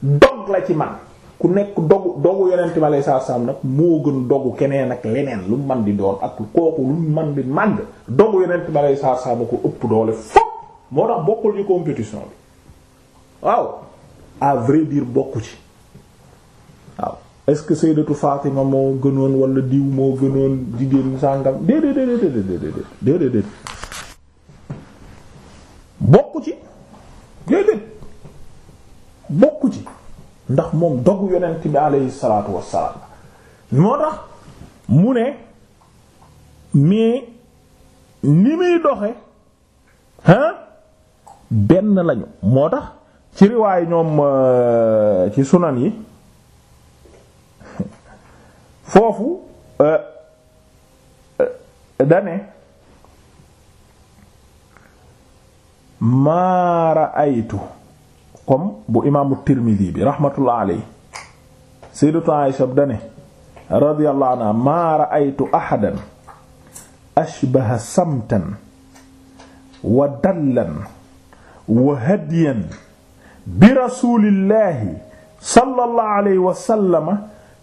dog la ci man ku nekk dogu dogu yonent bi alayhi salaam nag moo gën dogu keneen ak leneen lu man di doon ak kooku lu man di màgg dogu yonent bi alayhi salaam ko ëpp doole fop moo tax bokkul ci compétition bi waaw à vrai bokku ci waaw est-ce que sayyidatu Fatima moo gënoon wala diw moo gënoon jigéen sàngam déedéet déedéet déedéet déedéet bokku ci ndax moom dogu yonent bi alayhi salaatu wassalaam moo tax mu ne mais ni muy doxe hein benn lañu moo tax ci riwaay ñoom euh, ci sunan yi foofu euh, euh, dane maa ra'aytu comme bu imaamu tirmidi bi rahmatullah alayhi sayyidatu Aisha dane radiyallahu anha maa ra'aytu ahadan ashbaha samtan wa dallan wa hadiyan bi rasulillahi sallallahu alayhi wa sallam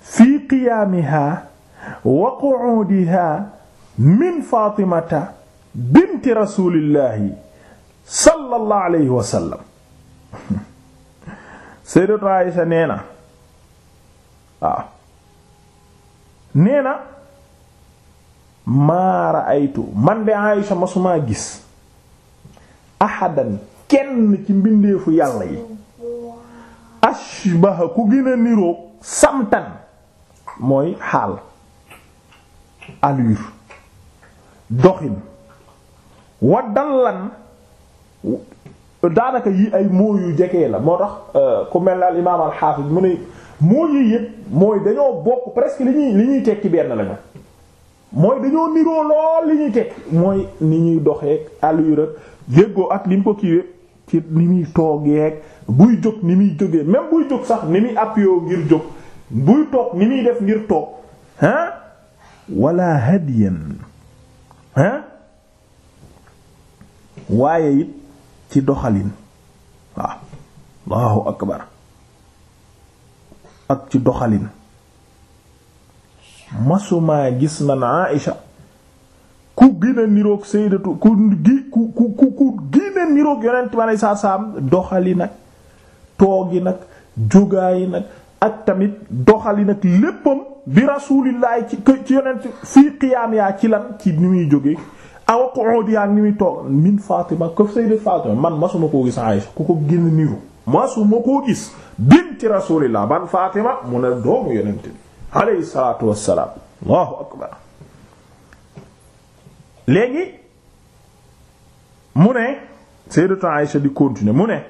fi qiyaamiha wa qu'uudiha min Faatimata binti rasulillahi sallallahu alayhi wa sallam sayyidatu Aisha nee na waaw nee na maa man de Aisha masumaa gis ahadan kenn ci mbindeefu yàlla yi ashbaha ku gën a samtan mooy xaal allure doxin wa dallan daanaka yi ay mooy yu jekee la moo tax euh, ku mel ne al imaam al xaafis mu ne mooy yëpp mooy dañoo bokk presque li ñuy li ñuy tekki benn lañu mooy dañoo niroo lool li ñuy tekki mooy ni ñuy doxee allure ak ak li mu ko kiiwee ci li muy toogeeg buy jóg ni muy jógee même buy jóg sax ni muy appuyé ngir jóg buy toog ni muy def ngir toog ah wala hadiyan ah waaye it ci doxalin waaw allahu akbar ak ci doxalin masumaa gis na Aïsha ku gën a niroog sayyidatu ku gi ku ku ku ku niroog yonent ma ne saa doxali nag toogi nag jógaayi nag ak tamit doxali nag léppam bi rasuulillaahi ci ci yonent fii qiyaam yaa ci lan ci ni muy jóge awa qu'udiya ni muy toog min Fatima ko sayyidat Fatima man masuma mu ne doomu yonent bi alayhi di continuer mu ne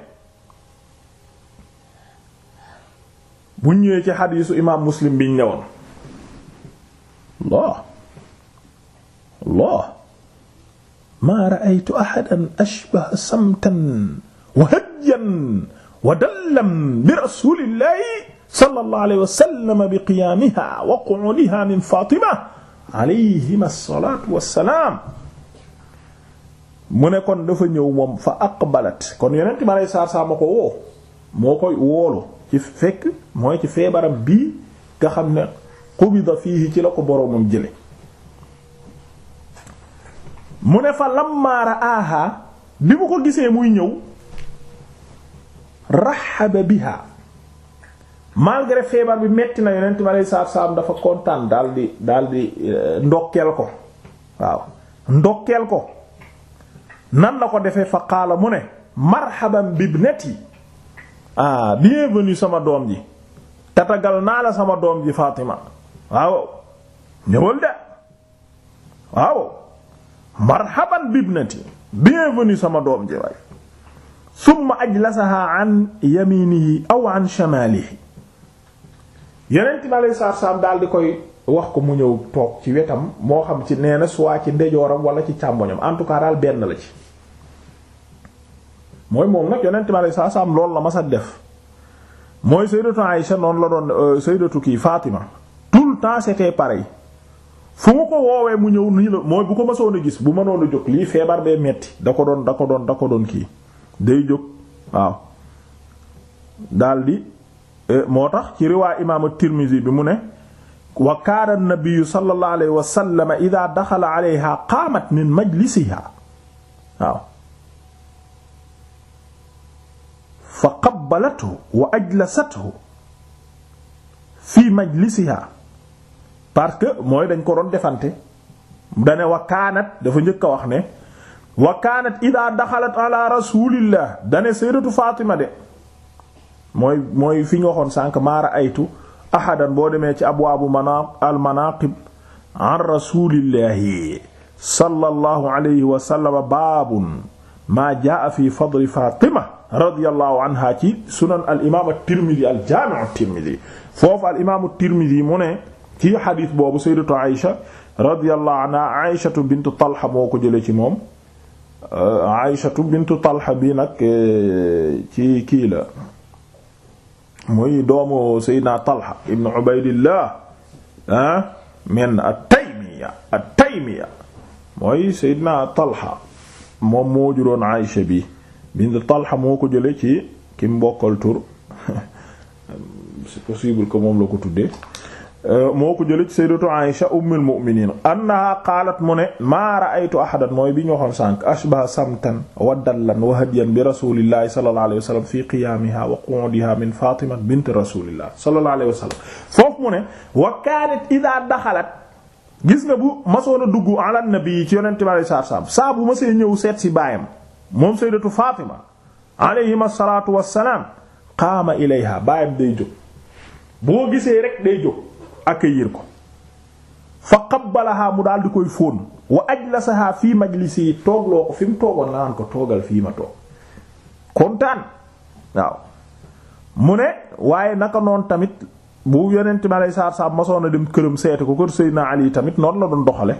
bu ñëwee ci xadiisu imaam Muslim biñ newoon Allah maa ra'aytu ahadan ashbaha samtan wa hajjan wa dallan bi rasulillahi sallallahu alayhi wa sallam bi qiyaamiha wa qu'uudiha min Fatima alayhima salaatu wa salaam mu ne kon dafa ñëw moom fa aqbalat kon yonent ma lay saar saa ma ko woo moo koy woolu ci fekk mooy ci feebaram bii nga xam ne qubida fiihi ci la ko boroomam jële mu ne fa lammaara aha bi mu ko gisee muy ñëw raxaba biha malgré feebar bi metti na yonent bi aleyhi salaatu salaam dafa kontaan daal di daal di eh, ndokkeel ko waaw ndokkeel ko nan la ko defee fa qaala mu ne marhaban bi ah bienvenue sama doom ji tatagal naa la sama doom ji Fatima waaw ñëwal de waaw marhaban bibnati bienvenue sama doom ji waay summa ajlasaha an yaminihi aw an shamalihi yeneen time alay saar saam daal di koy wax ko mu ñëw toog ci wetam moo xam ci nee na soit ci ndejooram wala ci càmmoñam en tout cas daal benn la ci mooy moom nag yonent bi saa saam loolu la masa def mooy sayyidatu Aïcha noonu la doon euh, sayyidatu kii faatima tout le temps c'était pareil fu mu ko woowee mu ñëw nii la mooy bu ko mësoon a gis bu mënoon a jóg lii feebar bee metti da ko doon da ko doon da doon kii day jóg waaw daldi eh, moo tax ci riwaa imaam Tirmizi bi mu ne wa kaana nabiyu sallallahu alayhi wa sallam idaa daxala alayha qaamat min majlisiha waaw fa qabbalathu wa ajlasathu fi majlisiha parce que mooy dañ ko doon defante dane wa kaanat dafa njëkk wax ne wa kaanat ida daxalat ala rasulillah dane sayyidatu Fatima de mooy fi ñu waxoon sànq maara aytu boo demee ci abwaabu mana al an rasulillahi sallallahu alayhi wa sallam maa jaa fi fadli Fatima radiyallahu anha ci sunan al imaam at-Tirmidhi al jaami' at-Tirmidhi foofu al imaam at-Tirmidhi mu ne ci xadiis boobu sayyidatu Aïcha radiyallahu anha Aïchatu bintu Talha moo ko jëlee ci moom euh, Aïchatu bintu Talha bi nag euh, ci kii la muy doomu Seydina Talha ibn Ubaydillah ah min at-Taymiya mooy Seydina Talha moom moo juróon Aïcha bi bintu Talha moo ko jële ci ki mu bokkal tur c'est possible que moom la ko tuddee Euh, moo ko jëlee ci sayyidatu Aisha ummul mu'minin annaha qaalat mu ne maa ra'aytu ahadan mooy bi ñu waxoon sànq ashbaha samtan wa dallan wa hadiyan bi rasulillahi sallallahu alayhi fi qiyamiha wa qu'udiha min Fatima bint rasulillahi sallallahu alayhi wa sallam wa kanat idha dakhalat gis nga bu masoon a dugg nabi ci yonente bi alayhi salaam saa bu masee ñëw seet si baayam moom sayyidatu Fatima alayhima salaatu wassalaam qaama ilayha baayam day jóg boo gisee rek day jóg accueillir ko fa qabbalaha mu daal di koy fóon wa ajlasaha fii majlisi yi toogloo ko fi mu toogoon la naan ko toogal fii ma toog kontaan mu ne waaye naka noonu tamit bu yonent mi aleyhi salaatu salaam masoon a dem këram seeti ko kër Seydina Ali tamit noonu la doon doxale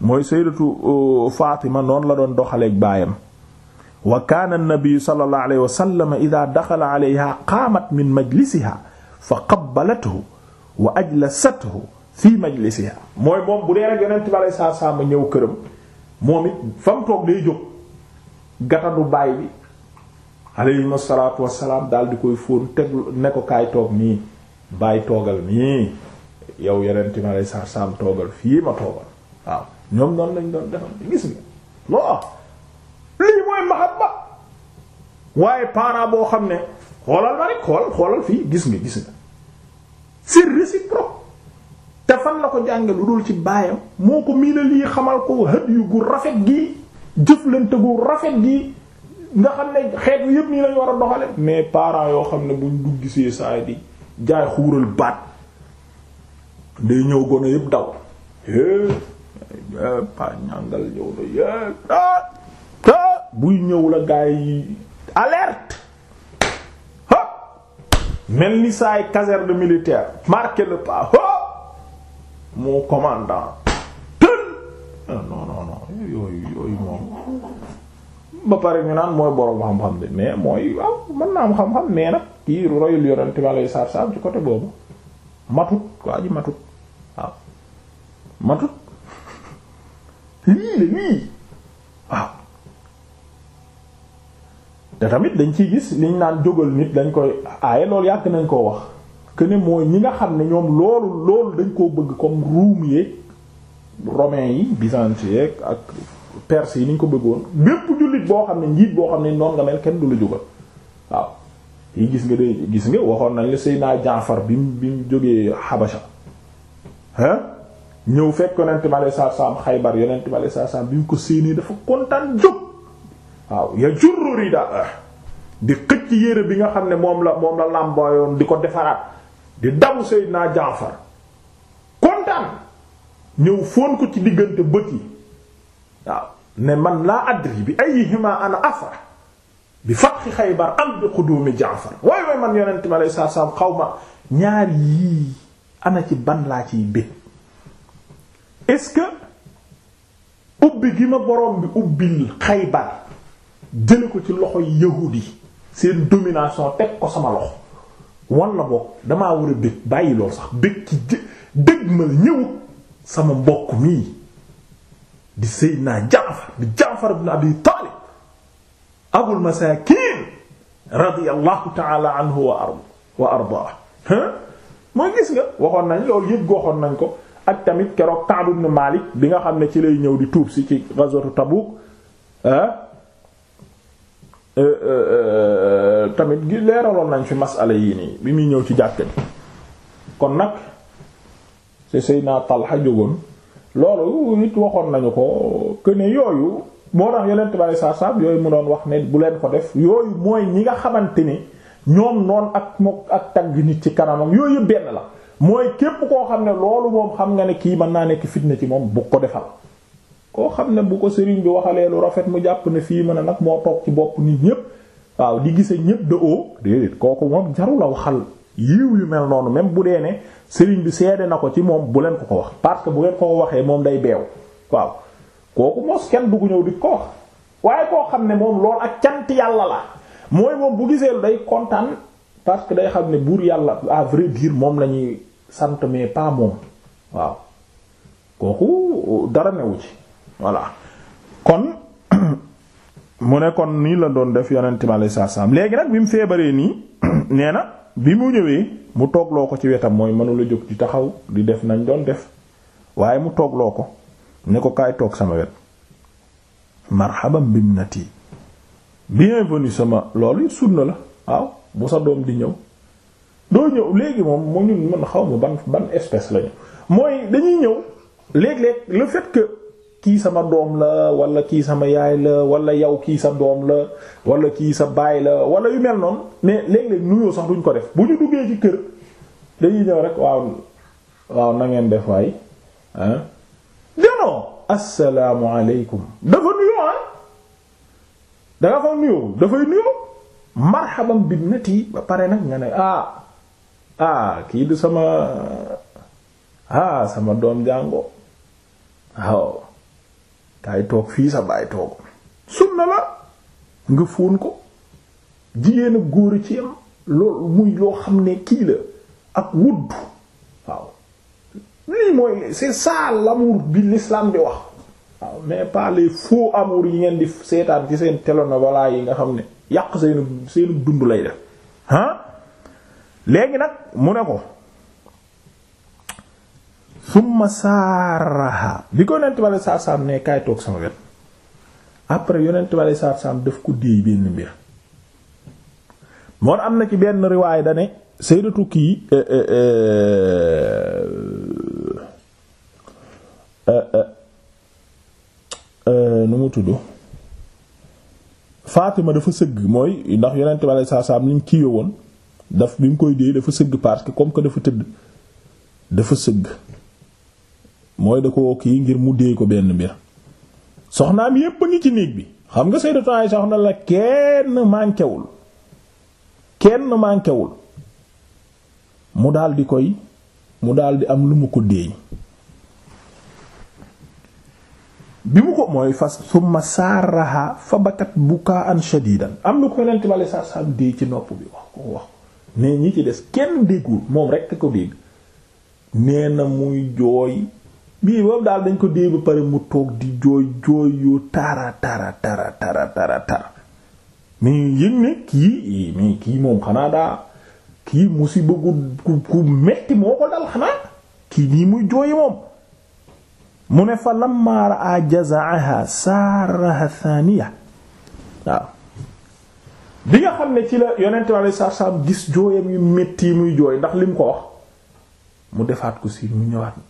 mooy Sayyidatu uh, Fatima noonu la doon doxaleeg baayam wa kaana an-nabiyyu sallallahu alayhi wa sallam idhaa dakhala alayha qaamat min majlisihaa fa qabbalathu la wa ajlasathu fii majlisiha mooy moom bu dee rek yonent balay saa saa ma ñëw këram moom it fa toog day jóg gatanu baay bi alayhi salaatu wassalaam daal di koy fóon teg ne ko kaay toog nii baay toogal nii yow yonent balay saa saa ma toogal fii ma toogal waaw ñoom noonu lañ doon defal gis nga lii mooy mahabba waaye parent boo xam ne xoolal ma rek xool xoolal fii gis nga gis nga c'est réciproque te fan la ko jànge lu dul ci baayam moo ko miina lii xamal ko hadiyu gu rafet gii jëflante gu rafet gii nga xam ne xeet yëpp nii lañ war a doxale mais parent yoo xam ne buñ dugg gisee saay di jaay xuural baat day ñëw gone yëpp daw eh, pa ñàngal ah, ah. buy ñëw la gaay alerte mel ni saay caserne militaire marqué le pas ho commandant tël ah, non non non yooyu yooyu moom ba pare ñu naan mooy borom xam-xam de mais mooy waaw mën naa am xam-xam mais nag kii royul yonent ma lay saab saab ci côté boobu matut waa ji matut waaw matut lii la lii waaw te tamit dañ ciy gis liñ naan jógal nit lañ koy aaye loolu yàgg nañ koo wax que ne mooy ñi nga xam ne ñoom loolu loolu dañ koo bëgg comme ruum yeeg romain yi byzantin yeeg ak perse yi ni ko bëggoon bépp jullit boo xam ne njiit boo xam ne noonu nga mel kenn du la jógal waaw yi gis nga de gis nga waxoon nañ la naa Jaafar bi mu bi mu jógee Habasha hein ñëw fekk yonent bi alayhi salaam Xaybar yonent bi alayhi salaam bi mu ko séenee dafa kontaan jóg waaw ya jurru rida di xëcc yére bi nga xam ne moom la moom la làmbaayoon di ko defaraat di dabu naa Jaafar kontaan ñëw foon ko ci diggante bët yi waaw ne man laa adri bi ayyihima ana afra bi fatxi Xaybar am bi xuduumi Jaafar waay waay man yonent mi alayhi salaatu salaam xaw ma ñaar yii ana ci ban laa ciy bét est-ce que ubbi gi ma borom bi ubbil Xaybar jële ko ci loxoy yahuud yi seen domination teg ko sama loxo wan la boog damaa war a bëgg bàyyi lool sax bëgg ci dëgg ma ñëw sama mbokk mii di Seydina Jaafar di bi ibn Abi Taalib abul masaakiin radiyallahu ta'ala anhu wa ar wa ardaa mooy gis nga waxoon nañ loolu yëpp goxoon nañ ko ak tamit keroog Ka'b ibn bi nga xam ne ci lay ñëw di tuub si ci ghazwatu Tabuk Euh, euh, euh, tamit gi leeraloon nañ fi masala yii nii bi muy ñëw ci jàkka ji kon nag ci Seydina Talha jógoon loolu it waxoon nañu ko que ne yooyu moo tax yeneen tubaab yi yooyu mu doon wax ne bu leen ko def yooyu mooy ñi nga xamante ni ñoom noon ak mook ak tagg nit ci kanamam yooyu yëpp benn la mooy képp koo xam ne loolu moom xam nga ne kii mën naa nekk fitna ci moom bu ko defal. koo xam ne bu ko sëriñ bi waxalee lu rafet mu jàpp na fii mën a nag moo toog ci bopp nit ñépp waaw di gise ñépp de oo kooku moom jarul a waxal yiw yu mel noonu même bu dee ne sëriñ bi seede na ko ci moom bu leen ko ko wax parce que bu ngeen ko ko waxee moom day beew waaw kooku mos kenn dugg ñëw di ko wax waaye koo xam ne moom loolu ak cant yàlla la mooy moom bu gisee day kontaan parce que day xam ne buur yàlla à vrai moom la ñuy sant mais pas moom waaw dara newu ci voilà kon mu ne kon nii la doon def yonent mi saa saam léegi nag bi mu feebaree nii nee na bi mu ñëwee mu toogloo ko ci wetam mooy mënula jóg di taxaw di def nañ doon def waaye mu toogloo ko ne ko kaay toog sama wet marhaban bimnati bienvenue sama loolu it sunna la waaw bu sa doom di ñëw doo ñëw léegi moom mu ñun mën xaw ma ban ban espèce lañu mooy dañuy ñëw léeg-léeg le kii sama doom la wala kii sama yaay la wala yow kii sa doom la walla kii sa baay la wala yu mel noonu mais léeg-léeg nuyoo sax duñ ko def bu ñu duggee ci kër dañuy ñëw rek waaw waaw na def waay ah. non assalaamu aleykum dafa nuyoo ah? bi nati ba pare nag nga ne ah ah kii du sama ah sama doom jàngo waaw. kaay toog fii sa baay toog sunna la nga fóon ko jigéen ak góor ci yam loolu muy loo xam ne kii la ak wudd waaw lii mooy c'est ça l'amour bi l'islam di wax waaw mais pas les faux yi ngeen di seetaan ci seen télénovela yi nga xam ne yàq seenu seenu dund lay def ah léegi nag mu ne ko summa saaraha bi ko yonent bale saar saam ne kaay toog sama wet après yonent bale saar saam daf ko déey benn mbir moon am na ci benn riwaay da ne sayyidatu kii eh, eh, eh, nu mu tudd Fatima dafa sëgg mooy ndax yonent bale saar saam ni mu kiiwe woon daf bi mu koy déey dafa sëgg parce que comme que dafa tëdd dafa sëgg mooy da ko kii ngir mu dee ko benn mbir soxnaam yépp a ci néeg bi xam nga Sayyidatu Aisha soxna la kenn mànkewul kenn mànkewul mu daal di koy mu daal di am lu mu ko déey bi mu ko mooy fas summa saaraha fa bakat bukaan shadidan am na ko yonent bi alayhi salaam déey ci nopp bi wax ko wax ne ñi ci des kenn déggul moom rekk ko dégg nee na muy jooy bii boobu daal dañ ko dee ba pare mu toog di jooy jooy yu tara tara tara tara tara tara mais yëg ne kii mais kii moom xanaa daa kii musiba gu ku metti moo ko dal xanaa kii nii muy jooyi moom mu ne fa lamma raa jazaaha saaraha waaw bi nga xam ne ci la yonente alei satu salaam gis jooyam yu metti muy jooy ndax lim ko wax mu defaat ko si mu ñëwaat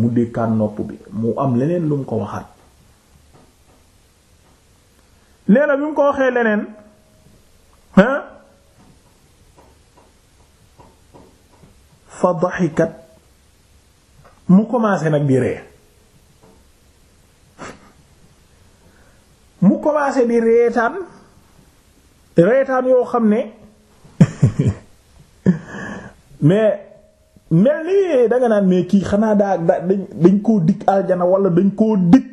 mu dékkaan nopp bi mu am leneen lu mu ko waxaat nee na bi mu ko waxee leneen hein fa daxikat mu commencé nag di ree mu commencé di reetaan reetaan yoo xam ne mais mel ni danga naan mais kii xanaa daa da dañ koo dig aljana wala dañ koo dig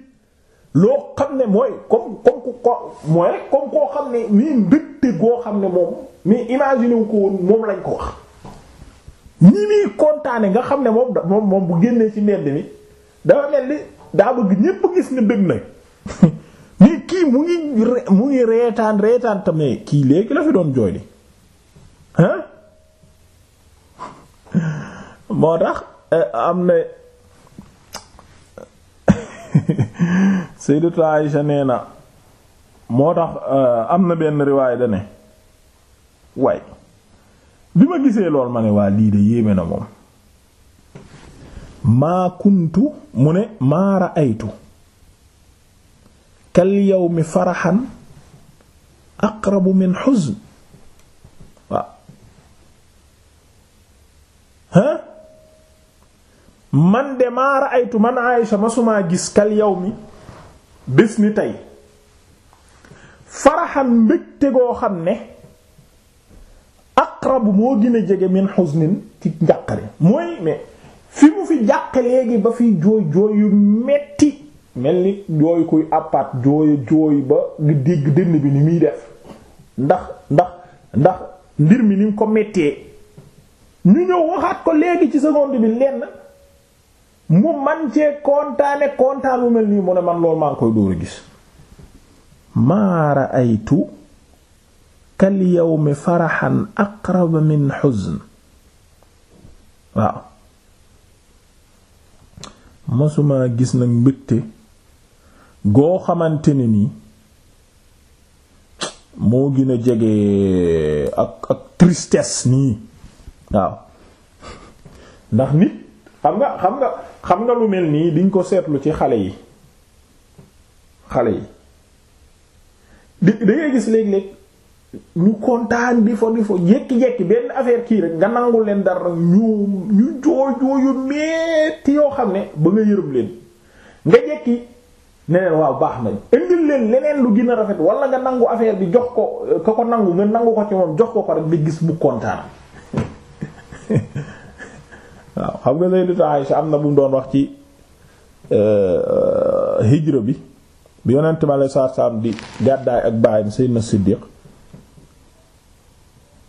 loo xam ne mooy comme comme ko mooy comme koo xam ne mii mbégte goo xam ne moom mais imaginer wu ko woon moom lañ ko kontaane nga xam ne moom moom moom bu génnee ci mbedd mi dafa mel ni daa bëgg ñépp gis ne dëgg nañ mais kii mu ngi mu ngi reetaan reetaan tamit kii léegi la fi doon jooy li hein moo tax eh, am na Sayyidatu Aisha nee na moo tax eh, am na benn riwaay da ne waaye bi ma gisee lool ma ne waa lii de yéeme na moom maa kuntu mu ne maa ra'aytu kal yawmi faraxan aqrabu min xuzn waaw man de maa ra'aytu man Aïsha masumaa gis kal yawmi bés ni tey faraxan mbégte goo xam ne aqrabu moo gën a jege min xusnin ci njàqare mooy mais fi mu fi jàq léegi ba fi jooy jooy yu metti mel ni jooy kuy àppaat jooy jooy ba nga dégg dënn bi ni muy def ndax ndax ndax mbir mi ni nga ko mettee ñu ñëw waxaat ko léegi ci seconde bi lenn mu man cee kontaane kontaan mu mel nii mu ne man loolu maa ngi koy dóor a gis maara aytu kal yawmi faraxan aqrab min xuzn waaw masumaa gis nag mbëgte goo xamante ne nii moo gin a jege ak ak tristesse nii waaw ndax nit xam nga xam nga xam nga lu mel nii diñ ko seetlu ci xale yi xale yi di da gis léeg-léeg ñu kontaan di fo di fo benn affaire kii rek nga nangul leen dara ñu ñu jooy jooyu metti yoo xam ne ba nga yërëm leen nga jékki ne waaw baax nañ indil leen leneen lu ginna rafet wala nga nangu affaire bi jox ko ka ko nangu nga nangu ko ci moom jox ko ko rek di gis mu kontaan xam nga sayyidatu Aisha am na bu mu doon wax ci euh, euh, hijra bi bi yonent ma alayhi salaatu salaam di gàddaay ak baayam sayyidna Siddiq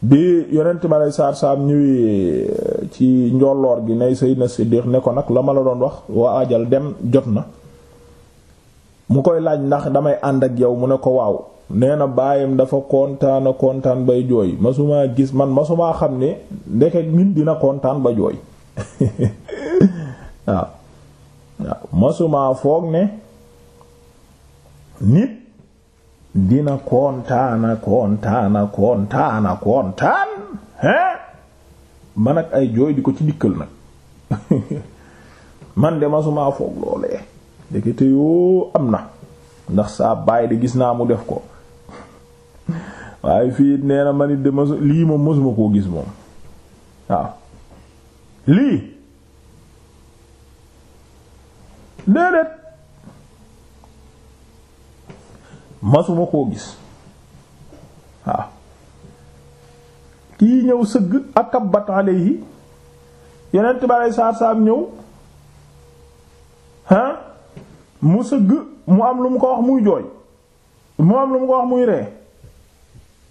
bi yonent ma alayhi salaatu salaam ñëwee euh, ci njolloor gi ne sayyidna Siddiq ne ko nag la ma la doon wax waa ajal dem jot na mu koy laaj ndax damay ànd ak yow mu ne ko waaw nee na baayam dafa kontaana kontaan bay jooy masumaa gis man masumaa xam ne ndeke nit dina kontaan ba jooy waaw ah. waaw ah. masumaa foog ne nit dina kontaana kontaana kontaana kontaan hein man ak ay jooy di ko ci dikkal nag man de masumaa foog loolee ndekete yoo am na ndax saa bàyyi de gis naa mu def ko waaye fii nee na man it de masu lii moom masuma koo gis moom waaw ah. lii déedéet masuma koo gis waaw kii ñëw sëgg akabat yi yeneen bari saar saam ñëw ah mu sëgg mu am lu mu ko wax muy jooy mu am lu mu ko wax muy ree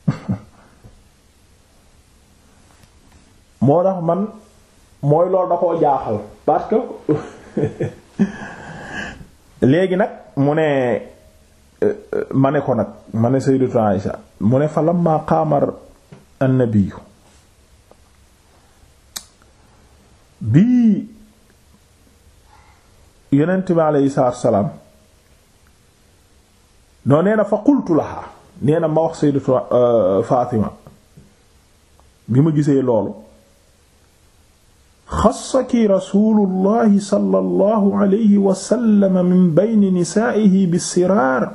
moo tax man mooy loolu da koo jaaxal parce que léegi nag mu ne ma ne ko nag ma ne sayyidatu Aisha mu ne fa lamma qaamar annabiyu bii yonent bi aleyhi salaatu salaam noo nee na fa qultu laha nee na ma wax sayyidatu euh, Fatima bi ma gisee loolu xassaki rasulullahi sallallahu alayhi wa sallam min bayni nisaa'ihi bisiraar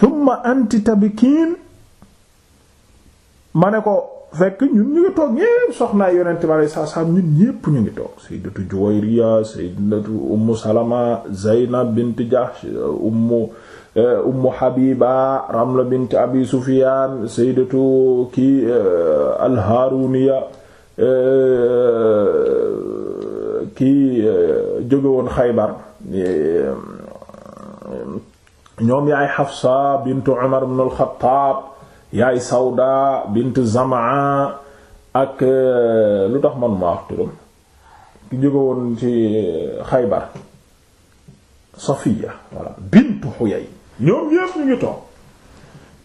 thumma anti tabkiin ma ne ko fekk ñun ñu ngi toog ñépp soxnaa yonente bi alayhi salaam ñun ñépp ñu ngi toog sayyidatu Juwayriya sayyidatu ummu Salama Zaynab bint Jahsh ummu ummu Habiba Ramla bint Abi Sufyaan sayyidatu ki al-Haaruniya Euh, kii euh, jóge woon Xaybar euh, ñoom yaay Xafsa bintu Umar ibn al-Xattaab yaay Sawda bintu Zamaa ak lu tax man maa wax turam ki jóge woon ci Xaybar Safiya voilà bintu Xuyay ñoom ñépp ñu ngi toog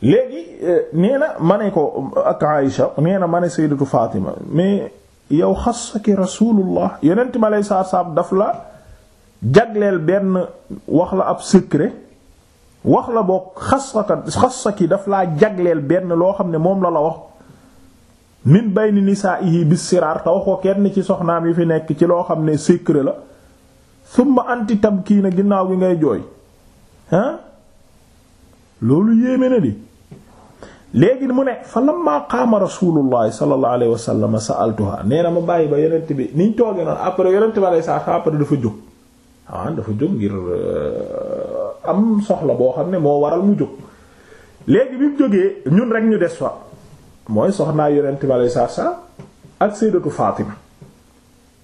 léegi euh, nee na ma ne ko ak Aïcha nee na ma ne sayyidatu Fatima mais yow xas xassaki rasulullah yonent ma lay saar saab daf la jagleel benn wax la ab secret wax la boo xasaka xassaki daf laa jagleel benn loo xam ne moom la la wax min bayni nisaa'ihi bis siraar te wax ko kenn ci soxnaam yi fi nekk ci loo xam ne secret la summa anti na ginnaaw bi ngay jooy loolu yéeme na di léegi mu ne fa lamma qaama rasulullahi sallallahu alayhi wa sallam sa'altuha nee na ma bàyyi ba yonent bi niñ toogee noonu après yonent bi alayhi salaatu après dafa jóg ah dafa jóg ngir euh, am soxla boo xam ne moo waral mu jóg léegi bi mu jógee ñun rek ñu des fa mooy soxnaa yonent bi alayhi sa salaam ak sayyidatu Faatima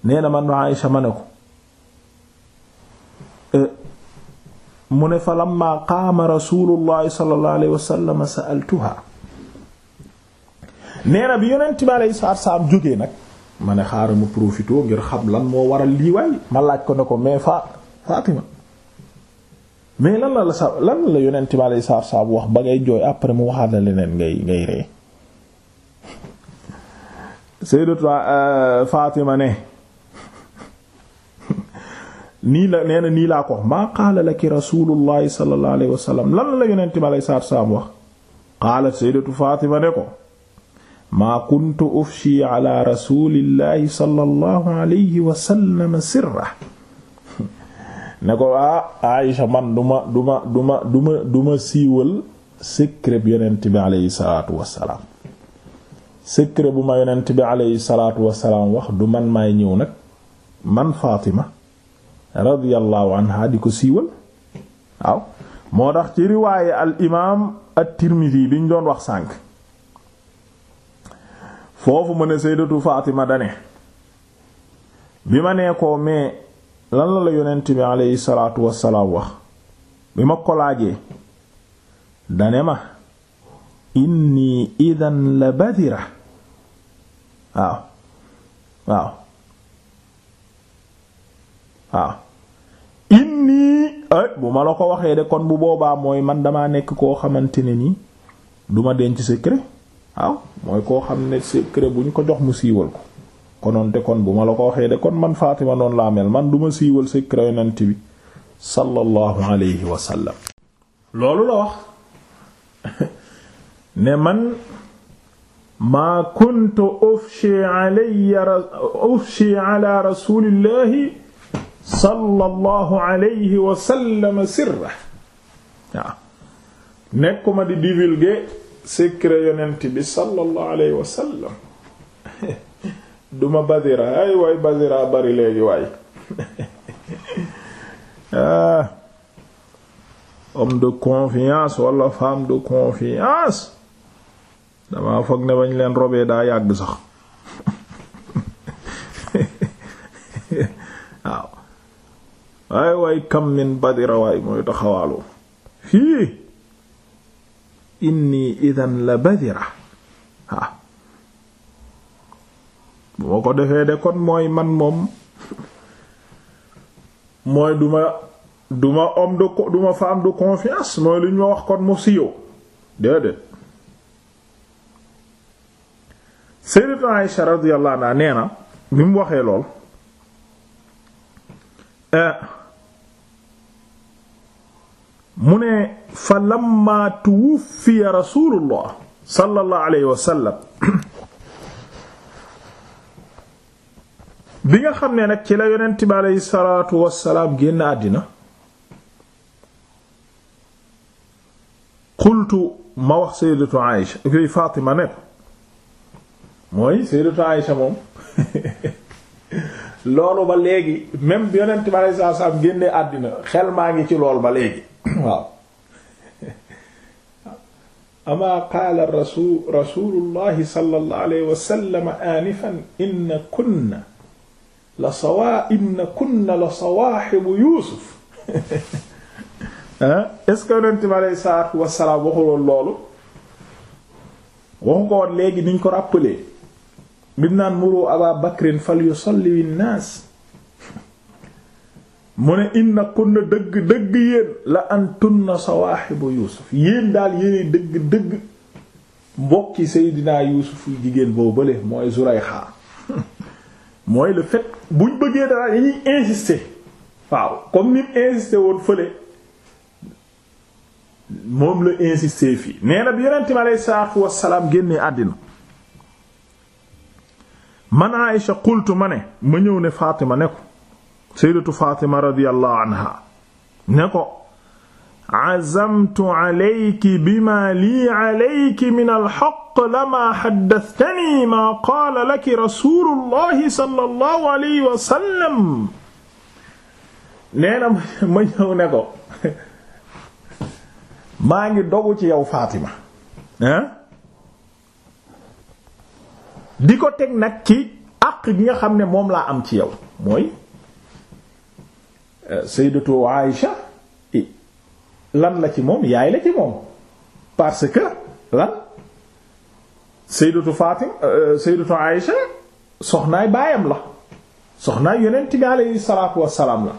nee na man sa ma ne ko euh, mu ne fa lamma qaama rasulullahi sallallahu alayhi wasallam sa'altuha nee bi yonent bi alayhi salaatu jógee nag ma ne xaaral ma profité ngir xam lan moo waral lii waay ma laaj ko ne ko mais fa Fatima mais lan la la sa lan la yonent bi alayhi salaatu wax ba ngay jooy après mu waxaat la leneen ngay ngay ree Sayyidatu euh, Fatima ne nii la nee na nii laa ko wax maa qaala laki rasulullahi sallallahu alayhi wa sallam lan la yonent bi alayhi salaatu salaam wax qaalat sayyidatu Fatima ne ko maa kuntu ufshi ala rasulillahi wa sallam sirra ne ko ah Aïcha man duma duma duma yonent bi salaatu wassalaam secret bu ma yonent bi alayhi salaatu wassalaam wax du man maay ñëw nag man Fatima radiyallahu anha di ko siiwal waaw moo tax ci riwaaye al imaam at-Tirmidhi bi ñu doon wax sànq foofu ma ne sayyidatu dane bi ma nee ko mais lan la la yonent bi aleyhi salaatu wassalaam wax bi ma ko laajee dane ma inni idan la badira waaw waaw waaw inni bu ma la ko waxee de kon bu boobaa mooy man damaa nekk koo xamante ne nii duma denc secret waaw mooy koo xam ne secret bu ñu ko jox mu siiwal ko konoon te kon bu ma la ko waxee de kon man Fatima noonu laa mel man duma siiwal secret yonent bi sallallahu alayhi wa loolu la wax ne man maa kuntu ufshi alayya ufshi sallallahu alayhi wa sirra nekkuma di divulguer secret yonent bi sallallahu alayhi wa sallam duma badira ay waay badira bari léegi waay ah. homme de confiance wala femme de confiance damaa foog ne bañ leen robee daa yàgg sax waaw waay waay kam min badira waay mooy taxawaaloo fii inni idan la badira waaw bu ma ko defee de kon mooy man moom mooy duma duma homme de duma femme de confiance mooy lu ñu ma wax kon mu siiw déedéet Sayyidatu Aïsha radiyallahu anha nee na bi mu waxee lool eh, mu ne fa lamma tuwuffiya rasulullah sallallahu alayhi wa sallam bi nga xam ne nag ci la yonent bi aleyhi salaatu wasalaam génn àddina qultu ma wax sayyidatu Aïsha kuy Fatima ne ko mooy sayyidatu Aïsha moom loolu ba léegi même bi yonent bi aleyhi salaatu wasalaam àddina xel maa ngi ci lool ba léegi waaw ama qaala rasul rasulullahi sallallahu alayhi wa sallam aanifan inna kunna la sawa inna kunna la sawaaxibu yuusuf eh? est-ce que yonent bi aleyhi salaatu wasalaam waxuloon loolu waxu ko woon léegi niñ ko rappelé bi naan muru aba bakrin fal yusalli bin naas mu ne inna kunna dëgg dëgg yéen la antunna sawaaxibu yuusuf yéen daal yéenay dëgg dëgg mbokki seydinaa yuusuf yu jigéen boobu bële waaw comme ni moom la insister fii nee na bi yonent mi aleyhi salaatu wassalaam génnee àddina man Aïcha qultu ma ne ma ñëw ne Fatima ne ko sayyidatu Fatima radiyallahu anha ne ko azamtu alayki bima lii alayki min alxaq lama xaddatani maa ngi dogu ci yow Fatima ah di ko teg nag ci àq gi nga xam ne moom laa am ci yow sayyidatu Aïcha lan la ci moom yaay la ci moom parce que lan sayyidatu Fatima euh, sayyidatu Aïcha soxnaay baayam la soxnaay yonent bi alayhi salaatu wassalaam la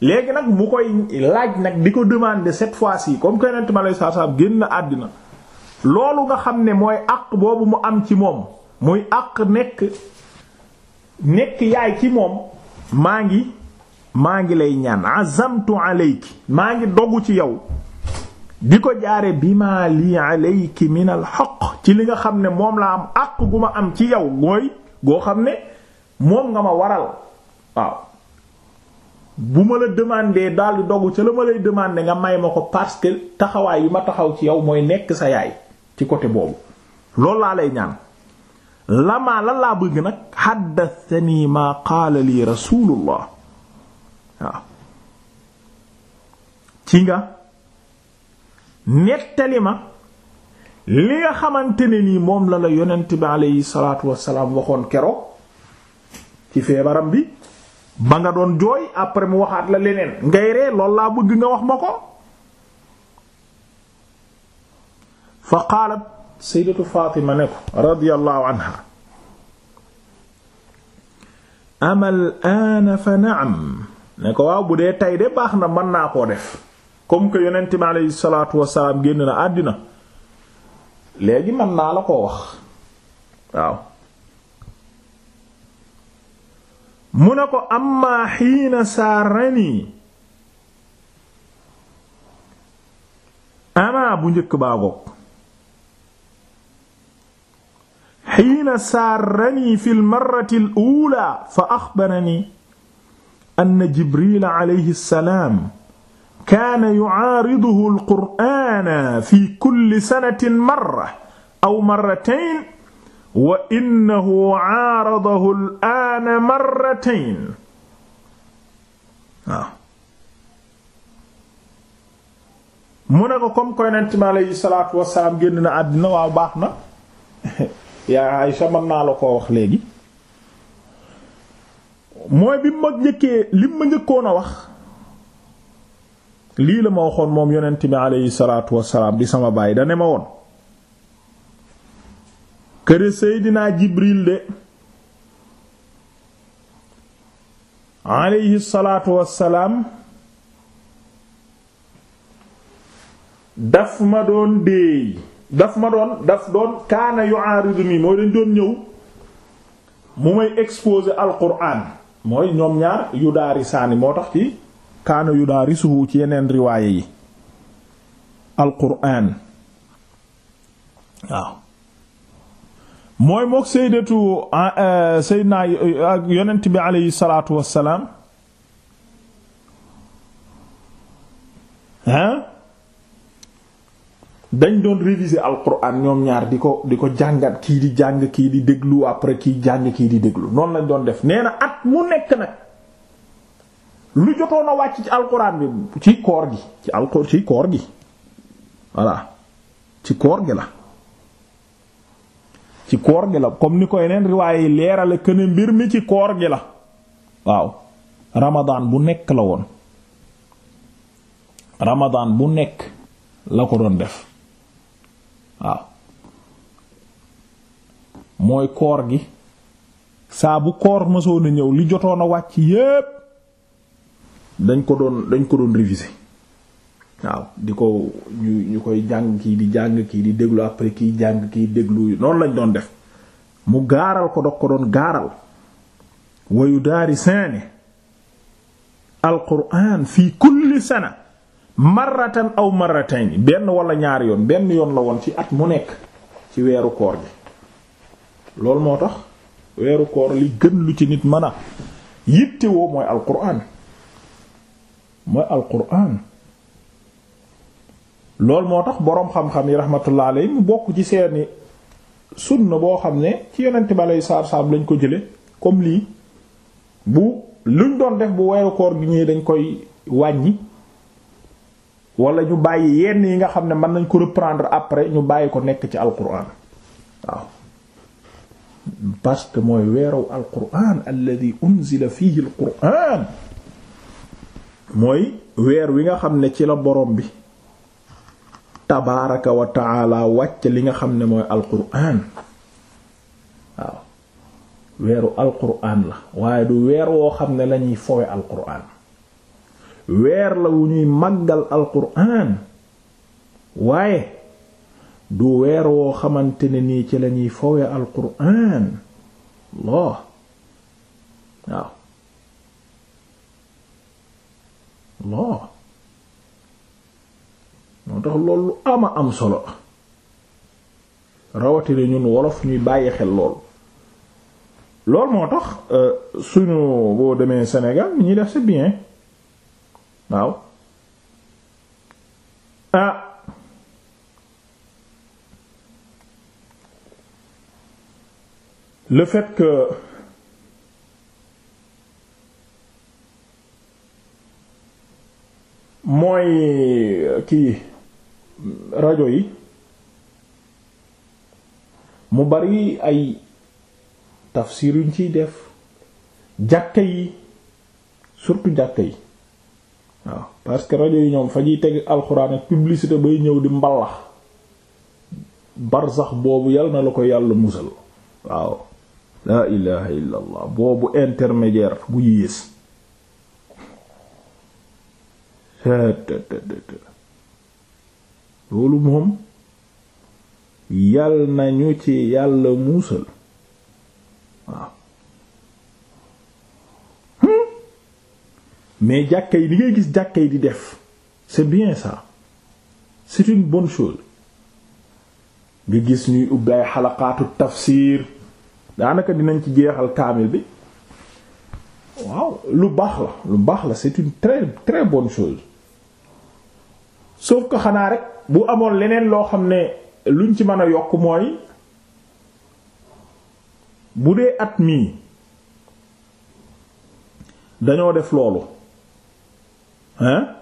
léegi nag mu koy laaj nag di ko demander cette fois-ci comme que yonent ma alayhi salaatu wassalaam génn àddina loolu nga xam ne mooy àq boobu mu am ci moom muy àq nekk nekk yaay ci moom maa ngi maa ngi lay ñaan azamtu alayki maa ngi dogu ci yow di ko jaare bi ma lii alayki min al xaq ci li nga xam ne moom laa am àq gu ma am ci yow mooy goo xam ne moom nga ma waral waaw bu ma la demandé daal di dogu ca la ma lay demandé nga may ma ko parce que taxawaay yi ma taxaw ci yow mooy nekk sa yaay ci côté boobu loolu laa lay ñaan lamaa laa bëgg nag xaddatani maa qaala lii rasulullah waaw ci nga nettali ma li nga xamante ni nii moom la la yonent bi aleyhi salaatu wassalaam waxoon keroog ci feebaram bi ba nga doon jooy après mu waxaat la leneen ngay ree loolu laa bëgg nga wax ma ko fa qaalat sayyidatu Fatima ne ko radiyallahu anha ama al-aana fa na'am ne ko waaw bu dee tey de baax na mën naa koo def comme que yonent mi aleyhi salaatu génn na àddina léegi mën naa la koo wax waaw mu ne ko amma xiina saarani ama bu njëkk baa goog xiina saarani fi lmarrati al ula fa axbarani anna jibril alayhi salaam kaana yucaariduhu alqur'aana fi kulli sanatin marra aw marratayn wa innahu caaradahu al'aana marratayn waaw mu ne ko comme koy nent mi aleyhi salaatu wasalaam génn na àddina waaw baax na yaa Aysa mën naa la koo wax léegi mooy bi ma njëkkee li ma njëkkoon a wax lii la ma waxoon moom yonent bi aleyhi salaatu sama baay da ne ma woon këre daf ma doon déey daf ma doon daf doon kaana yu'aaridu nii moo leen doon ñëw mu may exposer al mooy ñoom ñaar yu daari saani moo tax ci kaana yu daari ci yeneen riwaaye yi alquraan waaw mooy mook sayyidatu sayyidna ak bi aleyhi salaatu wassalaam hein dañ doon réviser alquran ñoom ñaar di ko di ko jàngat kii di jàng kii di déglu après kii jàng kii di déglu noonu lañ doon def nee na at mu nekk nag lu jotoon a wàcc ci alquran bi ci koor gi ci alquran ci koor gi voilà ci koor gi la ci koor gi la comme ni koy yeneen riwaay yi leerale këne mbir mi ci koor gi la waaw ramadaan bu nekk la woon ramadaan bu nekk la ko doon def waaw mooy koor gi saabu bu koor mësoon a ñëw li jotoon a wàcc yépp dañ ko doon dañ ko doon réviser waaw di ko ñu ñu koy jàng kii di jàng kii di déglu après kii jàng kii déglu noonu lañ doon def mu gaaral ko dog ko doon gaaral wayu daari saani alquran fii kulli sana marratan aw marratayn benn wala ñaari yoon benn yoon la woon ci at mu nekk ci weeru koor ji loolu moo tax weeru koor li gën lu ci nit mën a yittewoo mooy alquran mooy alquran loolu moo tax boroom xam-xam yi rahmatullah alayhi mu bokk ci seeni sunna boo xam ne ci yonent bi aleyhi salaatu lañ ko jële comme lii bu luñ doon def bu weeru koor gi ñëwee dañ koy wàññi wala ñu bàyyi yenn yi nga xam ne mën nañ ko reprendre après ñu bàyyi ko nekk ci alquran waaw parce que mooy weeru alquran alladi unzila fihi alquran mooy weer wi nga xam ne ci la borom bi tabaaraka wa taala wàcc li nga xam ne mooy alquran waaw weeru alquran la waaye du weer woo xam ne lañuy fowe alquran weer la wu ñuy màggal alquran waaye du weer woo xamante ne nii ci lañuy fowe alquran Allah waaw Allah moo tax lool loolu ama am solo rawatina ñun wolof ñuy bàyyi xel lool loolu moo tax euh, sunu boo demee Sénégal ni ñuy def c'est bien waaw ah le que mooy euh, kii rajo yi mu bari ay tafsir yuñ ciy def jàkka yi surtout jàkka yi waaw parce que rajo yi ñoom fa ñuy teg alxuraan ak publicité bay ñëw di mbalax barsax boobu yal na la ko yàlla musal waaw laa ilaha illa boobu intermédiaire bu yées loolu moom yal nañu ci yàlla musal waaw mais jàkka yi li ngay gis jàkka yi di def c'est bien ça c'est une bonne chose nga gis ñuy ubbi ay xalaqaatu daanaka dinañ ci jeexal kaamil bi waaw lu baax la lu baax la c'est une très très bonne chose sauf que xanaa rek bu amoon leneen loo xam ne luñ ci mën a yokk mooy bu dee at mii dañoo def loolu hein